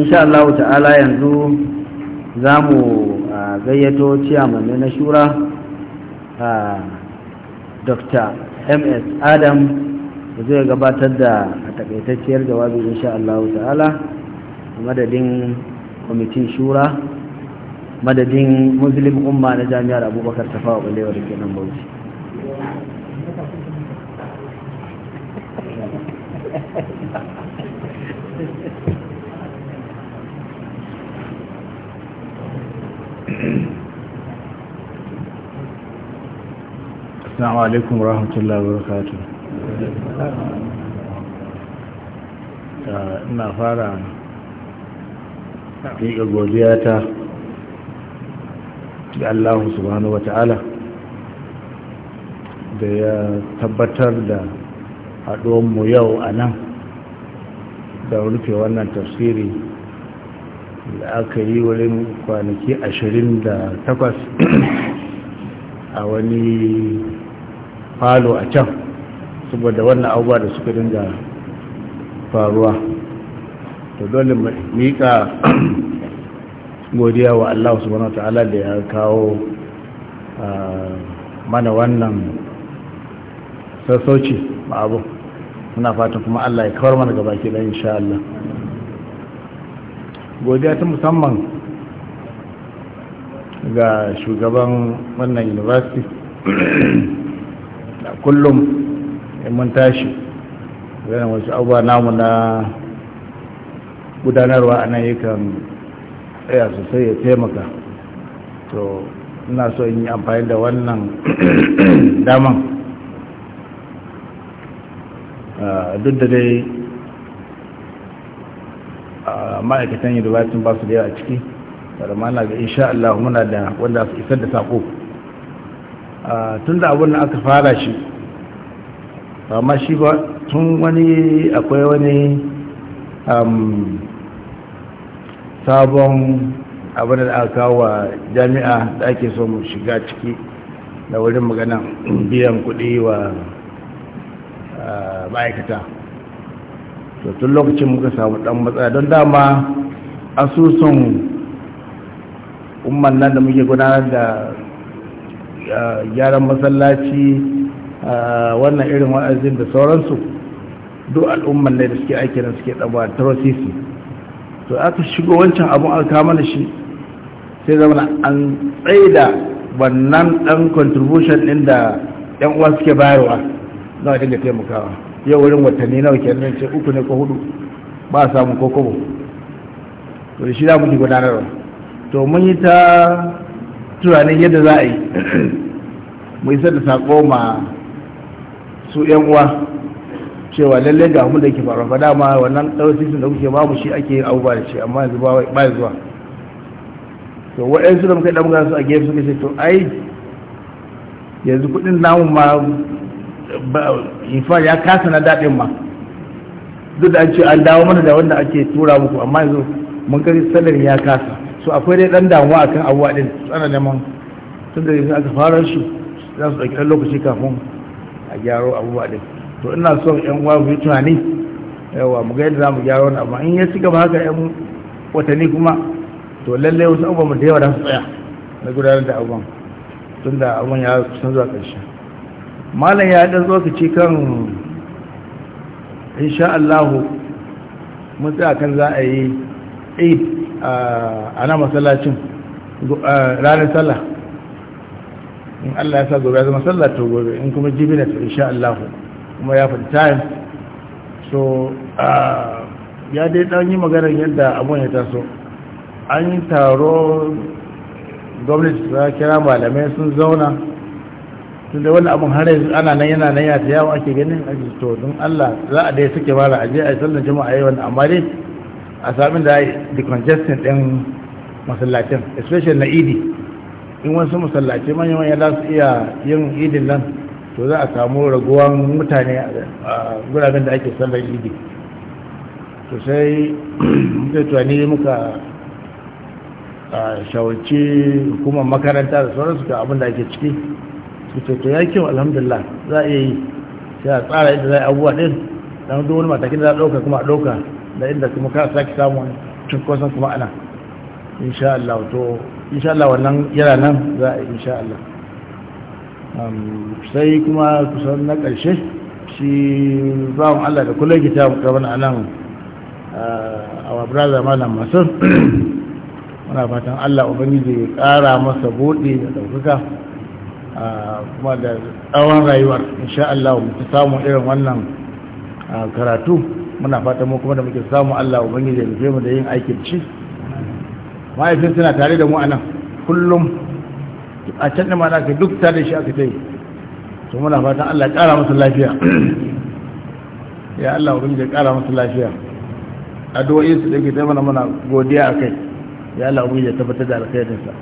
insha Allah ta'ala yanzu za mu gayyato ciyamanni na shura dr ms adam da zai gabatar da a takaitacciyar jawabi insha Allah ta'ala madadin kwamitin shura madadin muslim umma na jami'ar abubakar fawa balewa da ke nan bauchi السلام عليكم ورحمة الله وبركاته ina fara ƙiƙa godiya ta da Allah subhanahu wa ta'ala da ya tabbatar da mu yau a nan da rufe wannan tafsiri da aka yi wurin kwanaki ashirin da takwas a wani falo a can saboda wannan abubuwa da suka dinga faruwa to dole miƙa godiya wa Allah subhanahu ta'ala da ya kawo mana wannan sassauci ma abu muna fatan kuma Allah ya kawar mana gaba ke dan insha Allah godiya ta musamman ga shugaban wannan university da kullum mun tashi zai wasu abuwa namu na gudanarwa a nan yakan tsaya sosai ya taimaka to ina so in yi amfani da wannan daman ah, duk da dai ah, ma'aikatan university ba su da yawa ciki da mana ga insha Allah muna da wanda su isar da sako ah, tun da abin da aka fara shi amma shi ba tun wani akwai wani sabon abin da aka kawo jami'a da ake so mu shiga ciki da wurin magana biyan kuɗi wa ma'aikata to tun lokacin muka samu ɗan matsala don dama asusun umman nan da muke gudanar da gyaran masallaci wannan irin wa'azin da sauransu duk al'umman ne da suke aiki na suke ɗaba tarosisi to aka shigo wancan abun aka mana shi sai zama an tsaida wannan dan contribution din da yan uwa suke bayarwa za a dinga taimakawa yau wurin watanni nawa ke nan ce uku ne ko hudu ba a samu ko kobo to shi za mu ji gudanarwa to mun yi ta tunanin yadda za a yi mu isar da sako ma su yan uwa cewa lallai ga abin da yake faruwa fa dama wannan ɗausisin da kuke babu shi ake yin abubuwa da shi amma yanzu ba zuwa to waɗansu da muka yi gasu su a gefe suka ce to ai yanzu kuɗin namun ma ifa ya kasa na daɗin ma duk da an ce an dawo mana da wanda ake tura muku amma yanzu mun kai salarin ya kasa so akwai dai ɗan damuwa akan abuwa ɗin tsana neman tun da yanzu aka fara shi za su ɗauki ɗan lokaci kafin a gyaro abubuwa ɗin to ina son yan uwa mu yi tunani yawa mu ga yadda za mu gyara wani amma in ya ci gaba haka yan watanni kuma to lallai wasu abubuwan mu da yawa da su tsaya na gudanar da abubuwan tun da abubuwan ya kusan zuwa ƙarshe malam ya ɗan tsokaci kan insha Allahu mun tsaya kan za a yi eid a na masallacin ranar sallah in Allah ya sa gobe ya zama sallah to gobe in kuma jibi na to insha Allahu kuma ya fi time so ya dai ɗan yi maganar yadda abun ya taso an yi taro gwamnati ta kira malamai sun zauna sun da wani abin har yanzu ana nan yana nan ya yawo ake ganin aji to don Allah za a dai suke mara aje a sallan jama'a yi wani amma dai a samin da the congestion din masallacin especially na idi in wasu masallaci manyan ya za su iya yin idin nan to za a samu raguwan mutane a guraben da ake sallar idi to sai mutane muka shawarci hukumar makaranta da sauransu ga abin da ake ciki su ce to ya kyau alhamdulillah za a iya yi sai a tsara yadda za a abubuwa ɗin don duk wani matakin da za a ɗauka kuma a ɗauka da inda kuma ka sake samu cinkoson kuma ana insha Allah to insha Allah wannan yana nan za a insha Allah sai kuma kusan na ƙarshe shi mu allah da kula gita mu gaban a nan a brother malam masu. muna fatan allah ubangiji ya ƙara masa buɗe da ɗaukaka kuma da tsawon rayuwar insha allah mu ta irin wannan karatu muna fatan mu kuma da muke samu allah ubangiji ya rufe mu da yin aikin ci mahaifin suna tare da mu a nan kullum a can da mana ka duk da shi aka ta yi to muna fatan Allah ya ƙara masa lafiya ya Allah ubangiji ya ƙara masa lafiya addu'o'i su dake ta mana mana godiya a kai ya Allah da ya tabbatar da alkhairinsa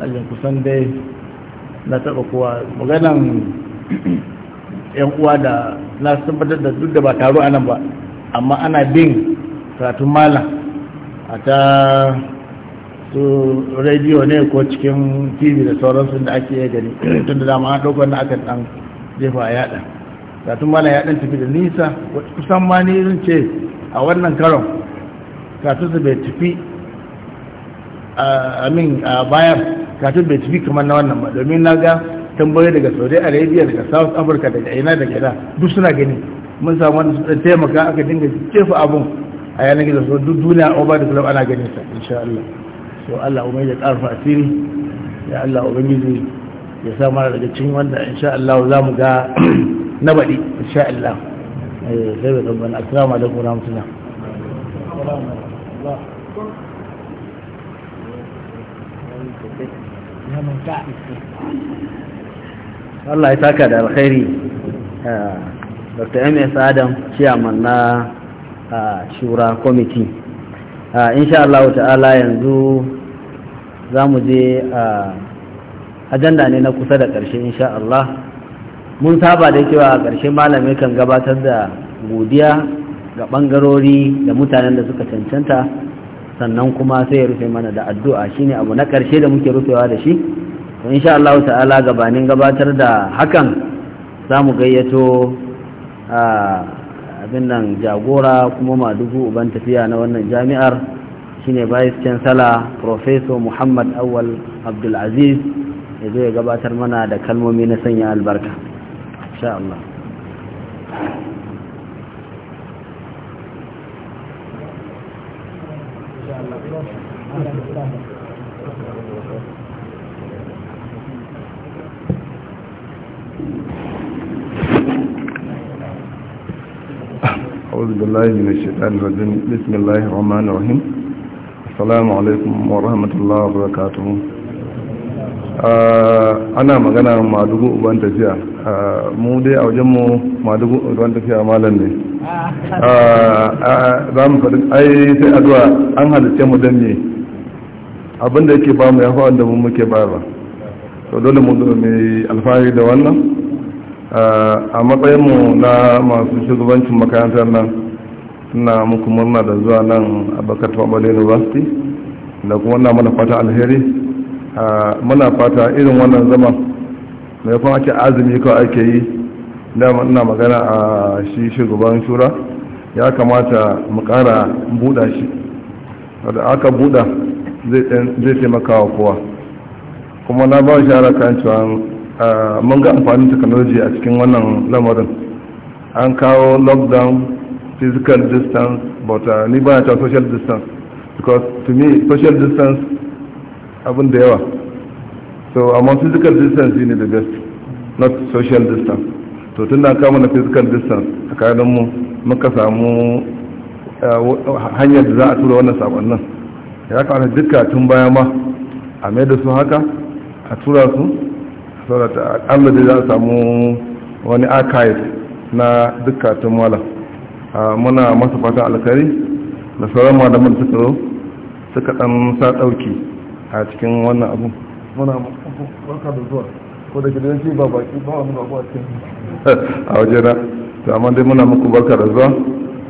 ɗajen kusan dai na taɓa kowa maganan yan uwa da na tabbatar da duk da ba taro anan ba amma ana bin karatun malam a ta su rediyo ne ko cikin tv da sauransu da ake ya gani tun da dama ɗauka wanda aka ɗan jefa a yaɗa katun mala ya ɗan tafi da nisa kusan ma ni zan ce a wannan karon katun su bai tafi a min a bayan katun bai tafi kamar na wannan ba domin na ga tambayoyi daga saudi arabia daga south africa daga ina daga ina duk suna gani mun samu wani sun taimaka aka dinga jefa abun a yanar gizo duk duniya over the globe ana ganin sa insha Allah so Allah umar da ƙarfa asiri ya Allah ubangiji ya sa mara daga cikin wanda insha Allah za mu ga na baɗi insha Allah eh, sai da tsabbana assalamu alaikum wa rahmatullah Allah ya taka da alkhairi eh, dr ms adam chairman na eh, shura committee insha Allah ta'ala yanzu za mu je a ajanda ne na kusa da ƙarshe insha Allah mun saba da cewa a ƙarshe malami kan gabatar da godiya ga ɓangarori da mutanen da suka cancanta sannan kuma sai ya rufe mana da addu'a shine abu na ƙarshe da muke rufewa da shi to insha Allah ta'ala gabanin gabatar da hakan za mu gayyato abin nan jagora kuma madugu uban tafiya na wannan jami'ar shine vice chancellor professor muhammad awal abdulaziz ya zo ya gabatar mana da kalmomi na sanya albarka insha Allah أعوذ بالله من الشيطان الرجيم بسم الله الرحمن الرحيم salamu alaikum wa rahmatullahi wa barakatuhu ah, ana magana madugu uban tafiya ah, mu dai a wajenmu madugu uban tafiya malam ne ah. za mu faɗi ai sai addu'a an halitta mu danye abinda yake ba mu ya fa wanda mu muke ba ba to dole mu mai alfahari da wannan a matsayin mu na masu shugabancin makarantar nan na muku murna da zuwa nan a bakar fabal university da kuma wannan mana fata alheri muna fata irin wannan zama mai kuma ake azumi kawai ake yi dama ina magana a shi shugaban shura ya kamata mu kara buɗa shi da aka buɗa zai taimaka wa kowa kuma na ba shi kan cewa mun ga amfani technology a cikin wannan lamarin an kawo lockdown physical distance but uh, ni bana ta social distance because to me social distance abin da yawa so amma physical distance ne the best not social distance to tun da kama na physical distance a kayan mu muka samu uh, hanyar da za a tura wannan nan ya kamata duka tun baya ma a mai da su haka a tura su saboda uh, allah da za a samu wani archive na duka tun malam Ah, muna masu fata alkari da sauran malaman suka zo suka dan sa ɗauki a cikin wannan abu muna barka da zuwa ko da gidan shi ba baki ba wani babu a cikin a wajena to amma dai muna muku barka da zuwa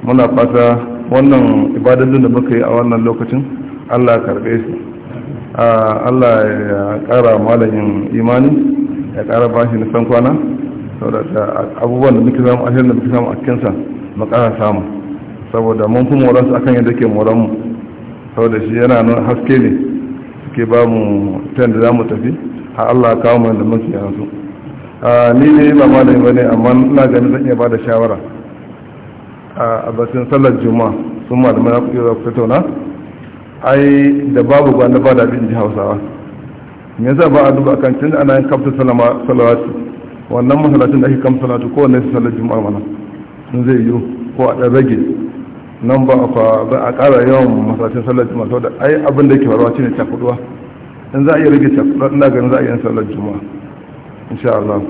muna fata wannan ibadun da muka yi a wannan lokacin Allah karbe su ah, Allah ya kara malamin imani ya kara bashi nisan kwana saboda abubuwan da muke samu a da sa samu a cikinsa mu ƙara samu saboda mun fi moransu akan yadda ke moranmu sau saboda shi yana nan haske ne suke ba mu ta da za mu tafi a Allah kawo mu da muke yanzu ni ne ba malami bane amma ina ganin zan iya ba da shawara a batun sallar juma'a sun malamai za ku iya tattauna ai da babu ba na ba da abin ji hausawa me yasa ba a duba kan tun ana yin kamta salawatu wannan masalacin da ake kamta salatu kowanne su sallar juma'a mana in zai yi ko a ɗan rage nan ba a ƙara yawan masarautar sallar juma'a saboda ai abin da ke faruwa shine cakuduwa in za a iya rage cakuduwa ina ganin za a iya sallar juma'a insha Allah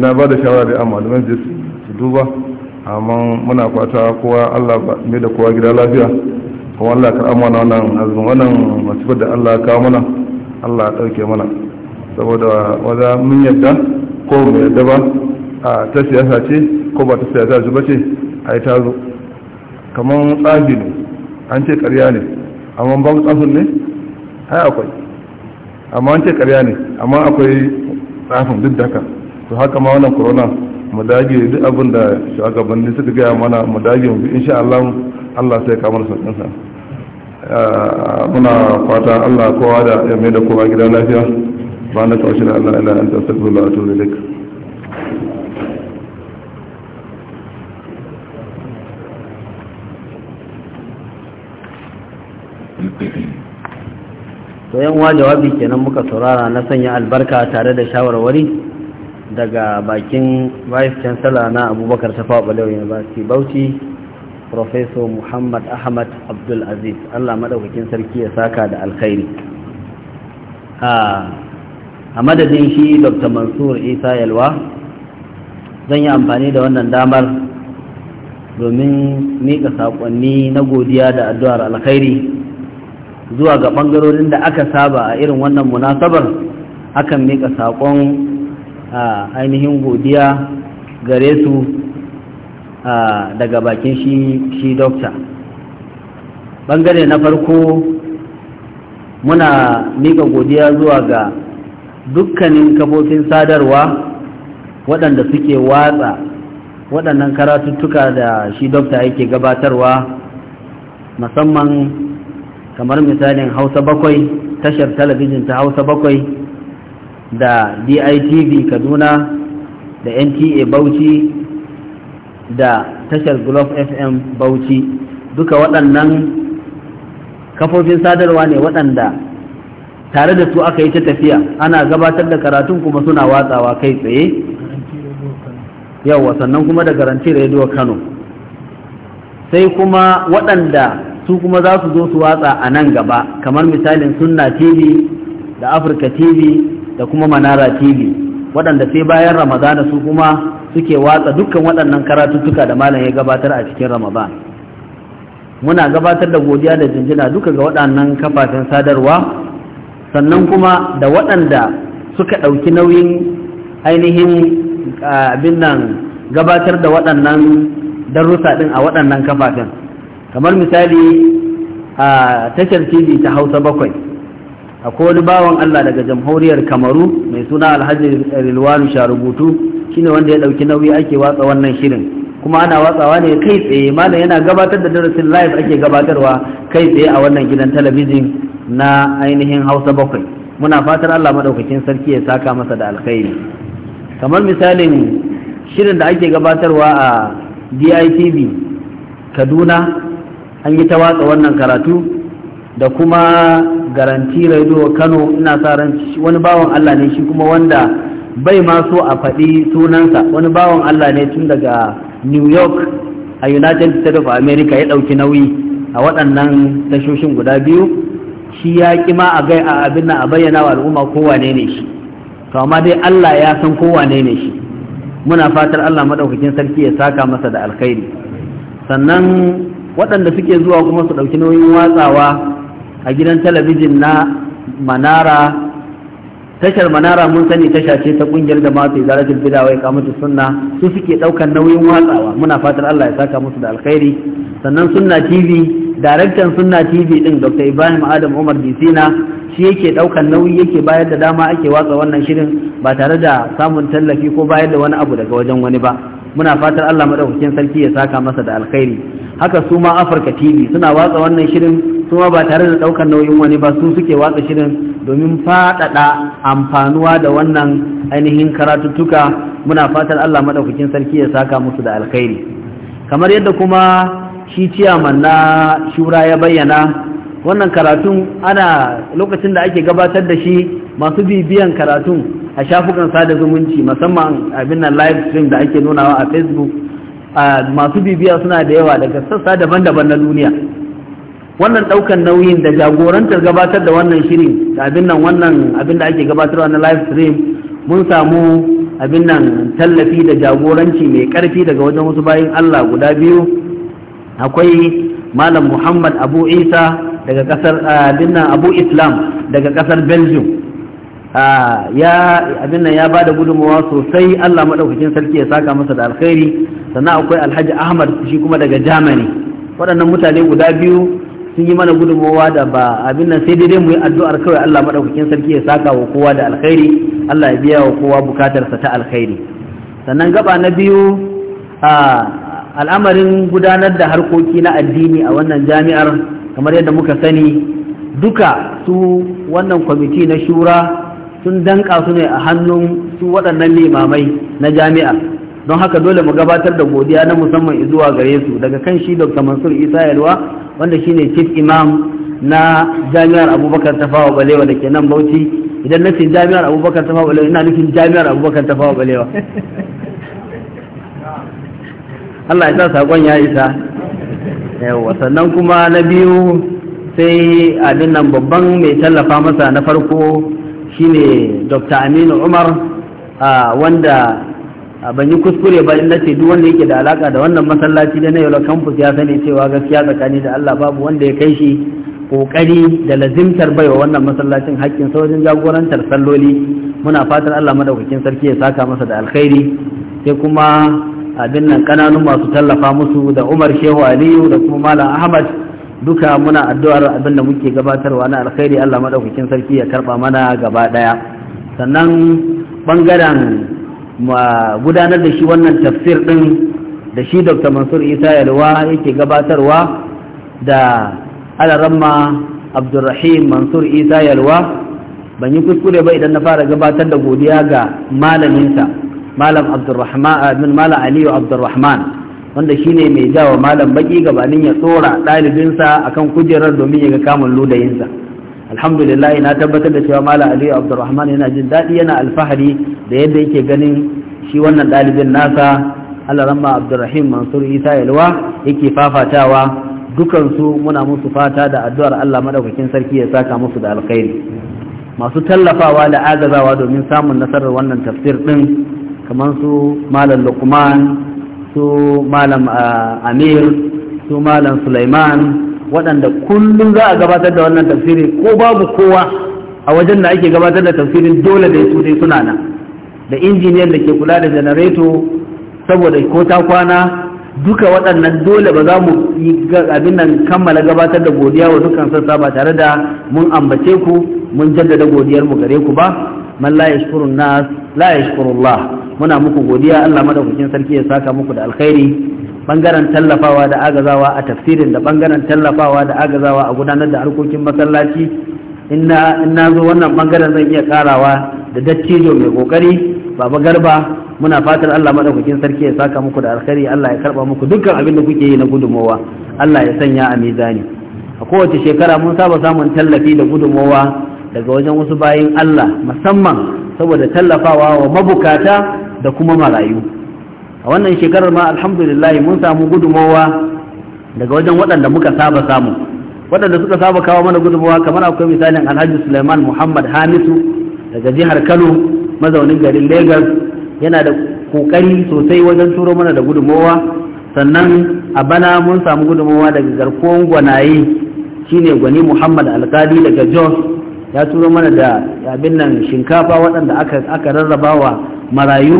na ba da shawara da amma da su duba amma muna fata kowa Allah mai da kowa gida lafiya kuma Allah ka amana wannan azumin wannan masifar da Allah kawo mana Allah ya ɗauke mana saboda wadda mun yadda ko mu yadda ba a ta siyasa ce ko ba ta siyasa zuba ce a yi tazo kamar tsagi ne an ce karya ne amma ba tsafin ne hai akwai amma an ce karya ne amma akwai tsafin duk daka to haka ma wannan corona mu dage duk abin da shugabanni suka gaya mana mu dage mu insha Allah Allah sai kamar sauƙin sa muna fata Allah kowa da ya mai da kowa gida lafiya ba na kawo shi da Allah ila an tasabbu la atubu ilaik to yan wa jawabi kenan muka saurara na sanya albarka tare da shawarwari daga bakin vice chancellor na abubakar safa balewa university bauchi professor muhammad ahmad abdul aziz allah madaukakin sarki ya saka da alkhairi a madadin shi dr mansur isa yalwa zan yi amfani da wannan damar domin miƙa saƙonni na godiya da addu'ar alkhairi zuwa ga ɓangarorin da aka saba a irin wannan munasabar akan mika saƙon ainihin godiya gare su daga bakin shi dokta ɓangare na farko muna mika godiya zuwa ga dukkanin kafofin sadarwa waɗanda suke watsa waɗannan karatuttuka da shi dokta yake gabatarwa musamman kamar misalin hausa bakwai tashar talabijin ta hausa bakwai da ditv kaduna da nta bauchi da tashar glove fm bauchi duka waɗannan kafofin sadarwa ne waɗanda tare da su aka yi ta tafiya ana gabatar da karatun kuma suna watsawa kai tsaye yau sannan kuma da garanti rediyo kano sai kuma waɗanda su kuma za su zo su watsa a nan gaba kamar misalin sunna tv da afirka tv da kuma manara tv waɗanda sai bayan ramadana su kuma suke watsa dukkan waɗannan karatuttuka da malam ya gabatar a cikin ramadan muna gabatar da godiya da jinjina duka ga waɗannan kafafen sadarwa sannan kuma da waɗanda suka ɗauki nauyin ainihin abin nan gabatar da waɗannan darussa ɗin a waɗannan kafafen kamar misali a tashar tv ta hausa bakwai akwai wani bawan allah daga jamhuriyar kamaru mai suna alhaji rilwanu sharubutu shine wanda ya ɗauki nauyi ake watsa wannan shirin kuma ana watsawa ne kai tsaye malam yana gabatar da darasin live ake gabatarwa kai tsaye a wannan gidan talabijin na ainihin hausa bakwai muna fatar allah maɗaukakin sarki ya saka masa da alkhairi kamar misalin shirin da ake gabatarwa a ditv kaduna an yi ta watsa wannan karatu da kuma garanti radio kano ina sa ran wani bawan allah ne shi kuma wanda bai ma so a faɗi sunansa wani bawan allah ne tun daga new york a united states of america ya ɗauki nauyi a waɗannan tashoshin guda biyu shi ya ƙi ma a gai a abin a bayyana wa al'umma kowane ne shi to amma dai allah ya san kowane ne shi muna fatar allah maɗaukakin sarki ya saka masa da alkhairi sannan waɗanda suke zuwa kuma su ɗauki nauyin watsawa a gidan talabijin na manara tashar manara mun sani tasha ce ta ƙungiyar da masu izaratul bidawa ya kamata sunna su suke ɗaukar nauyin watsawa muna fatar Allah ya saka musu da alkhairi sannan sunna tv daraktan sunna tv ɗin dr ibrahim adam umar bisina shi yake ɗaukar nauyi yake bayar da dama ake watsa wannan shirin ba tare da samun tallafi ko bayar da wani abu daga wajen wani ba muna fatar Allah madaukakin sarki ya saka masa da alkhairi haka su ma Afirka TV suna watsa wannan shirin su ma ba tare da daukar nauyin wani ba su suke watsa shirin domin faɗaɗa amfanuwa da wannan ainihin karatuttuka muna fatar Allah madaukakin sarki ya saka musu da alkhairi kamar yadda kuma shi ciyaman na shura ya bayyana wannan karatun ana lokacin da ake gabatar da shi masu bibiyan karatun a shafukan sada zumunci musamman abin nan live stream da ake nunawa a facebook masu bibiya suna da yawa daga sassa daban-daban na duniya wannan daukan nauyin da jagorantar gabatar da wannan shirin da abin nan wannan abin da ake gabatarwa na live stream mun samu abin nan tallafi da jagoranci mai karfi daga wajen wasu bayan Allah guda biyu akwai malam Muhammad Abu Isa daga kasar abin nan Abu Islam daga kasar Belgium Ah, ya abin nan ya bada gudunmawa sosai Allah madaukakin sarki ya saka masa da alkhairi sannan akwai Alhaji Ahmad shi kuma daga Germany waɗannan mutane guda biyu sun yi mana gudunmawa da ba abin nan sai dai mu yi addu'ar kawai Allah madaukakin sarki ya saka wa kowa da alkhairi Allah ya biya wa kowa sa ta alkhairi sannan gaba na biyu ah, al'amarin gudanar da harkoki na addini a wannan jami'ar kamar yadda muka sani duka su wannan kwamiti na shura sun danka su ne a hannun su waɗannan limamai na jami'a don haka dole mu gabatar da godiya na musamman zuwa gare su daga kan shi dr mansur isa yalwa wanda shine chief imam na jami'ar abubakar tafawa balewa da ke nan bauchi idan na fi jami'ar abubakar tafawa balewa ina nufin jami'ar abubakar tafawa balewa allah ya sa saƙon ya isa yawa sannan kuma na biyu sai abin nan babban mai tallafa masa na farko shine dr aminu umar wanda ban yi kuskure ba in nace duk wanda yake da alaka da wannan masallaci da na yau campus ya sani cewa gaskiya tsakani da Allah babu wanda ya kai shi kokari da lazimtar bai wa wannan masallacin hakkin saurin jagorantar salloli muna fatan Allah madaukakin sarki ya saka masa da alkhairi sai kuma abin nan kananun masu tallafa musu da Umar Shehu Aliyu da kuma Malam Ahmad duka muna addu'ar abinda muke gabatarwa na alkhairi Allah madaukakin sarki ya karba mana gaba daya sannan bangaren gudanar da shi wannan tafsir din da shi Dr. Mansur Isa Yalwa yake gabatarwa da Alaramma Abdulrahim Mansur Isa Yalwa ban yi kuskure ba idan na fara gabatar da godiya ga malaminsa Malam Abdulrahman eh, Malam Aliyu Abdulrahman wanda shine mai jawa malam baki gabanin ya tsora ɗalibinsa akan kujerar domin ya ga kamun ludayinsa alhamdulillah na tabbatar da cewa malam aliyu abdurrahman yana jin daɗi yana alfahari da yadda yake ganin shi wannan ɗalibin nasa alarama abdurrahim mansur isa yalwa yake fafatawa dukansu muna musu fata da addu'ar allah maɗaukakin sarki ya saka musu da alkhairi masu tallafawa da agazawa domin samun nasarar wannan tafsir ɗin kamar su malam lukman su malam ah, amir su malam sulaiman waɗanda kullum za a gabatar da wannan tafsiri ko babu kowa a wajen da ake gabatar da tafsirin dole da su dai suna nan da injiniyan da ke kula da janareto saboda ko ta kwana duka waɗannan dole ba za mu yi abin nan kammala gabatar da godiya wa dukkan sassa ba tare da mun ambace ku mun jaddada godiyar mu gare ku ba man la yashkurun nas la yashkurullah muna muku godiya Allah madaukakin sarki ya saka muku da alkhairi bangaren tallafawa da agazawa a tafsirin da bangaren tallafawa da agazawa a gudanar da harkokin masallaci inna zo wannan bangaren zan iya karawa da dattijo mai kokari baba garba muna fatar Allah madaukakin sarki ya saka muku da alkhairi Allah ya karba muku dukkan abin da kuke yi na gudumowa Allah ya sanya a mizani a kowace shekara mun saba samun tallafi da gudumowa daga wajen wasu bayin Allah musamman saboda tallafawa wa mabukata da kuma marayu a wannan shekarar ma alhamdulillah mun samu gudumowa daga wajen waɗanda muka saba samu waɗanda suka saba kawo mana gudumowa kamar akwai misalin alhaji suleiman muhammad hamisu daga jihar kano mazaunin garin lagos yana da kokari sosai wajen turo mana da gudumowa sannan a bana mun samu gudumowa daga garkuwan gwanaye shine gwani muhammad alkali daga jos ya turo mana da abin nan shinkafa waɗanda aka rarraba wa marayu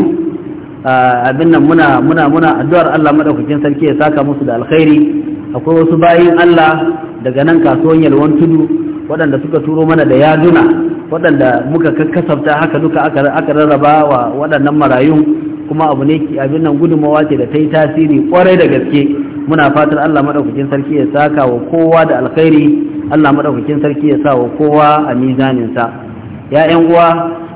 abin nan muna muna muna addu'ar Allah madaukakin sarki ya saka musu da alkhairi akwai wasu bayin Allah daga nan kasuwan yalwan tudu waɗanda suka turo mana da yaduna waɗanda muka kakkasafta haka duka aka rarraba wa waɗannan marayun kuma abu ne abin nan gudunmawa ce da ta yi tasiri kwarai da gaske muna fatan Allah madaukakin sarki ya saka wa kowa da alkhairi Allah madaukakin sarki ya sa wa kowa a mizanin sa ya ƴan uwa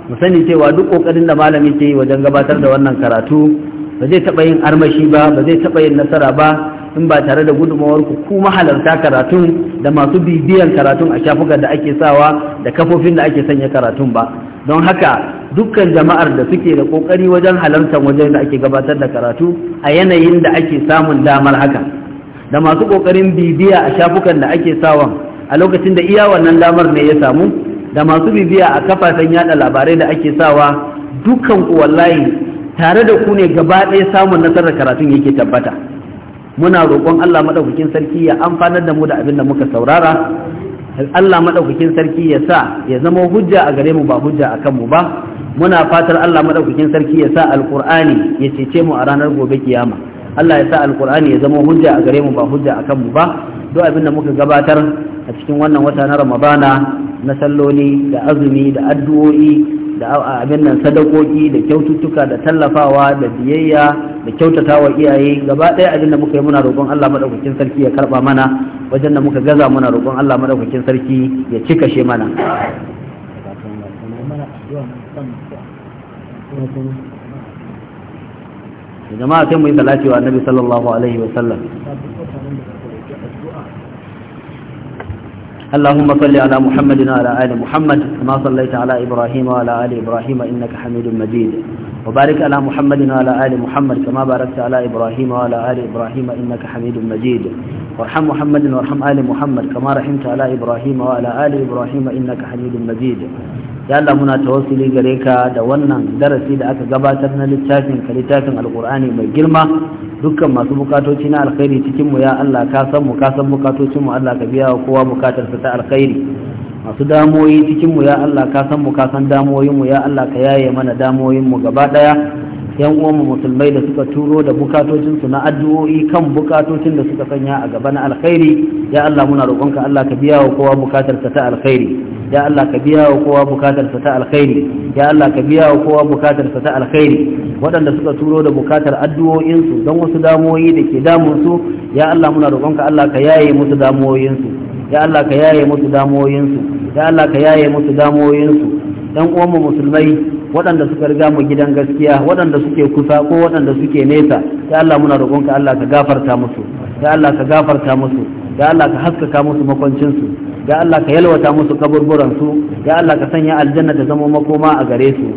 mu sani cewa duk kokarin da malami ke yi wajen gabatar da wannan karatu ba zai taɓa yin armashi ba ba zai taɓa yin nasara ba in ba tare da gudummawar ku ku mahalarta karatun da masu bibiyan karatun a shafukan da ake sawa da kafofin da ake sanya karatun ba don haka dukkan jama'ar da suke da kokari wajen halartar wajen da ake gabatar da karatu a yanayin da ake samun damar haka da masu kokarin bibiya a shafukan da ake sawa a lokacin da iya wannan damar ne ya samu da masu bibiya a kafafen yada labarai da ake sawa dukkan ku wallahi tare da ku ne gaba ɗaya samun nasarar karatun yake tabbata muna roƙon Allah maɗaukakin sarki ya amfanar da mu da abin da muka saurara Allah maɗaukakin sarki ya sa ya zama hujja a gare mu ba hujja a kanmu ba muna fatar Allah maɗaukakin sarki ya sa Alƙur'ani ya cece mu a ranar gobe kiyama Allah ya sa Alƙur'ani ya zama hujja a gare mu ba hujja a kanmu ba duk abin da muka gabatar a cikin wannan wata na Ramadana na salloli da azumi da addu'o'i da abin nan sadakoki da kyaututtuka da tallafawa da biyayya da kyautatawa iyaye gaba ɗaya abin da muka yi muna roƙon Allah madaukakin sarki ya karba mana wajen da muka gaza muna roƙon Allah madaukakin sarki ya cika she mana jama'a sai mu yi salati wa annabi sallallahu alaihi wa sallam اللهم صل على محمد وعلى آل محمد كما صليت على إبراهيم وعلى آل إبراهيم إنك حميد مجيد وبارك على محمد وعلى آل محمد كما باركت على إبراهيم وعلى آل إبراهيم إنك حميد مجيد وارحم محمد وارحم آل محمد كما رحمت على إبراهيم وعلى آل إبراهيم إنك حميد مجيد ya Allah muna tawassuli gare ka da wannan darasi da aka gabatar na littafin ka littafin alkur'ani mai girma dukkan masu bukatoci na alkhairi cikin mu ya Allah ka san mu ka san bukatocin mu Allah ka biya wa kowa bukatar sa ta alkhairi masu damoyi cikin mu ya Allah ka san mu ka san damoyin mu ya Allah ka yaye mana damoyin mu gaba daya yan uwanmu musulmai da suka turo da bukatocinsu na addu'o'i kan bukatocin da suka sanya a gaba na alkhairi ya Allah muna roƙonka Allah ka biya wa kowa bukatarsa ta alkhairi ya Allah ka biya wa kowa bukatarsa ta alkhairi ya Allah ka biya wa kowa bukatarsa ta alkhairi waɗanda suka turo da bukatar addu'o'insu don wasu damuwoyi da ke damunsu ya Allah muna roƙonka Allah ka yaye musu damuwoyinsu ya Allah ka yaye musu damuwoyinsu ya Allah ka yaye musu damuwoyinsu ɗan uwanmu musulmai waɗanda suka riga mu gidan gaskiya waɗanda suke kusa ko waɗanda suke nesa ya Allah muna roƙonka Allah ka gafarta musu ya Allah ka gafarta musu ya Allah ka haskaka musu makwancin su ya Allah ka yalwata musu kaburburan su ya Allah ka sanya aljanna ta zama makoma a gare su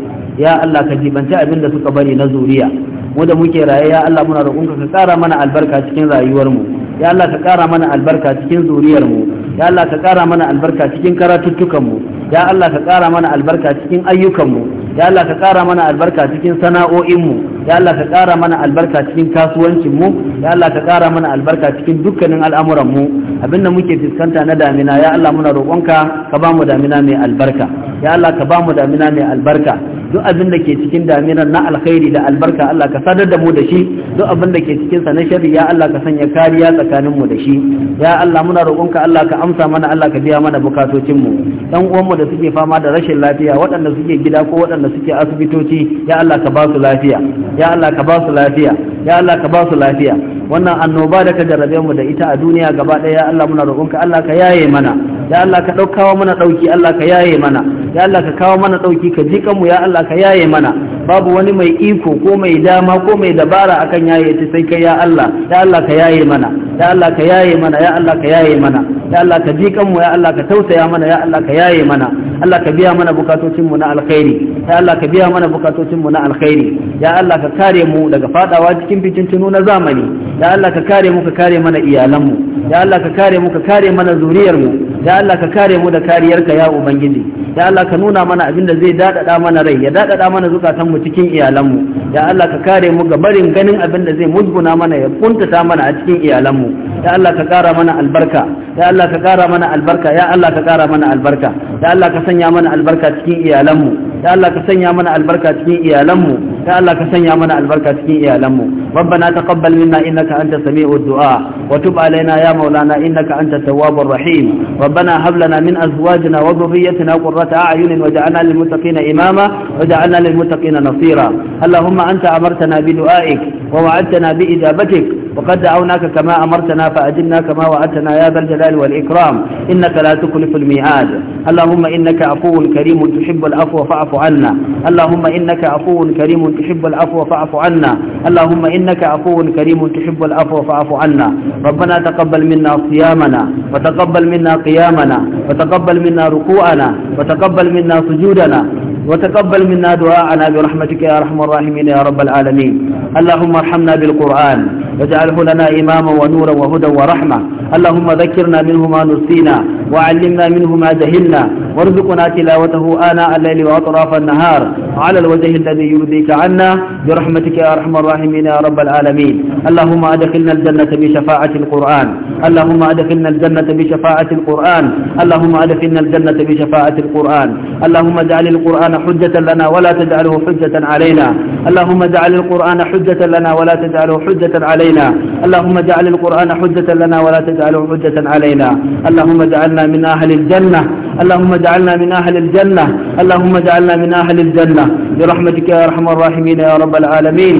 ya Allah ka jibanci abin da suka bari na zuriya mu da muke raye ya Allah muna roƙonka ka ƙara mana albarka cikin rayuwar mu ya Allah ka ƙara mana albarka cikin zuriyar mu ya Allah ka ƙara mana albarka cikin karatuttukan mu ya Allah ka ƙara mana albarka cikin ayyukan mu ya Allah ka ƙara mana albarka cikin sana'o'inmu ya Allah ka ƙara mana albarka cikin kasuwancinmu ya Allah ka ƙara mana albarka cikin dukkanin al'amuranmu abinda muke fuskanta na damina ya Allah muna roƙonka ka ba mu damina mai albarka ya Allah ka ba mu damina mai albarka duk abin da ke cikin daminar na alkhairi da albarka Allah ka sadar da mu da shi duk abin da ke cikin sa na sharri ya Allah ka sanya kariya tsakanin mu da shi ya Allah muna roƙonka Allah ka amsa mana Allah ka biya mana bukatocinmu ɗan uwanmu da suke fama da rashin lafiya waɗanda suke gida ko waɗanda suke asibitoci ya Allah ka ba su lafiya ya Allah ka ba su lafiya ya Allah ka ba su lafiya wannan annoba da ka jarabe mu da ita a duniya gaba ɗaya ya Allah muna roƙonka Allah ka yaye mana ya Allah ka ɗaukawa mana ɗauki Allah ka yaye mana ya Allah ka kawo mana ɗauki ka jikan mu ya Allah ka yaye mana babu wani mai iko ko mai dama ko mai dabara akan yaye ta sai kai ya Allah ya Allah ka yaye mana ya Allah ka yaye mana ya Allah ka yaye mana ya Allah ka ji kanmu ya Allah ka tausaya mana ya Allah ka yaye mana Allah ka biya mana bukatocin mu na alkhairi ya Allah ka biya mana bukatocin mu na alkhairi ya Allah ka kare mu daga fadawa cikin fitintunu na zamani ya Allah ka kare mu ka kare mana iyalan mu ya Allah ka kare mu ka kare mana zuriyar mu ya Allah ka kare mu da kariyarka ya ubangiji ya Allah ka nuna mana abin da zai dadada mana rai ya dadada mana zukatan mu cikin iyalanmu ya Allah ka kare mu ga barin ganin abin da zai musguna mana ya kuntata mana a cikin iyalanmu ya Allah ka kara mana albarka ya Allah ka kara mana albarka ya Allah ka kara mana albarka ya Allah ka sanya mana albarka cikin iyalanmu ya Allah ka sanya mana albarka cikin iyalanmu ya Allah ka sanya mana albarka cikin iyalanmu ربنا تقبل منا إنك أنت سميع الدعاء وتب علينا يا مولانا إنك أنت التواب الرحيم ربنا هب لنا من أزواجنا وذريتنا قرة أعين وجعلنا للمتقين إماما وجعلنا للمتقين نصيرا اللهم أنت أمرتنا بدعائك ووعدتنا بإجابتك وقد دعوناك كما أمرتنا فأجلنا كما وعدتنا يا ذا الجلال والإكرام إنك لا تكلف الميعاد اللهم إنك عفو كريم تحب العفو فاعف عنا اللهم إنك عفو كريم تحب العفو فاعف عنا اللهم إنك عفو كريم تحب العفو فاعف عنا ربنا تقبل منا صيامنا وتقبل منا قيامنا وتقبل منا ركوعنا وتقبل منا سجودنا وتقبل منا دعاءنا برحمتك يا أرحم الراحمين يا رب العالمين اللهم ارحمنا بالقرآن واجعله لنا إماما ونورا وهدى ورحمة اللهم ذكرنا منه ما نسينا وعلمنا منه ما جهلنا وارزقنا تلاوته آناء الليل وأطراف النهار على الوجه الذي يرضيك عنا برحمتك يا أرحم الراحمين يا رب العالمين اللهم أدخلنا الجنة بشفاعة القرآن اللهم أدخلنا الجنة بشفاعة القرآن اللهم أدخلنا الجنة بشفاعة القرآن اللهم اجعل القرآن حجة لنا ولا تجعله حجة علينا اللهم اجعل القرآن حجة لنا ولا تجعله حجة علينا اللهم اجعل القرآن حجة لنا ولا تجعله حجة علينا اللهم اجعلنا من أهل الجنة اللهم اجعلنا من أهل الجنة اللهم اجعلنا من أهل الجنة الجنة برحمتك يا أرحم الراحمين يا رب العالمين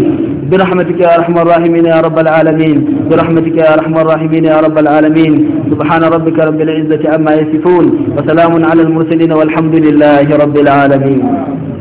برحمتك يا أرحم الراحمين يا رب العالمين برحمتك يا أرحم الراحمين يا رب العالمين سبحان ربك رب العزة عما يصفون وسلام على المرسلين والحمد لله رب العالمين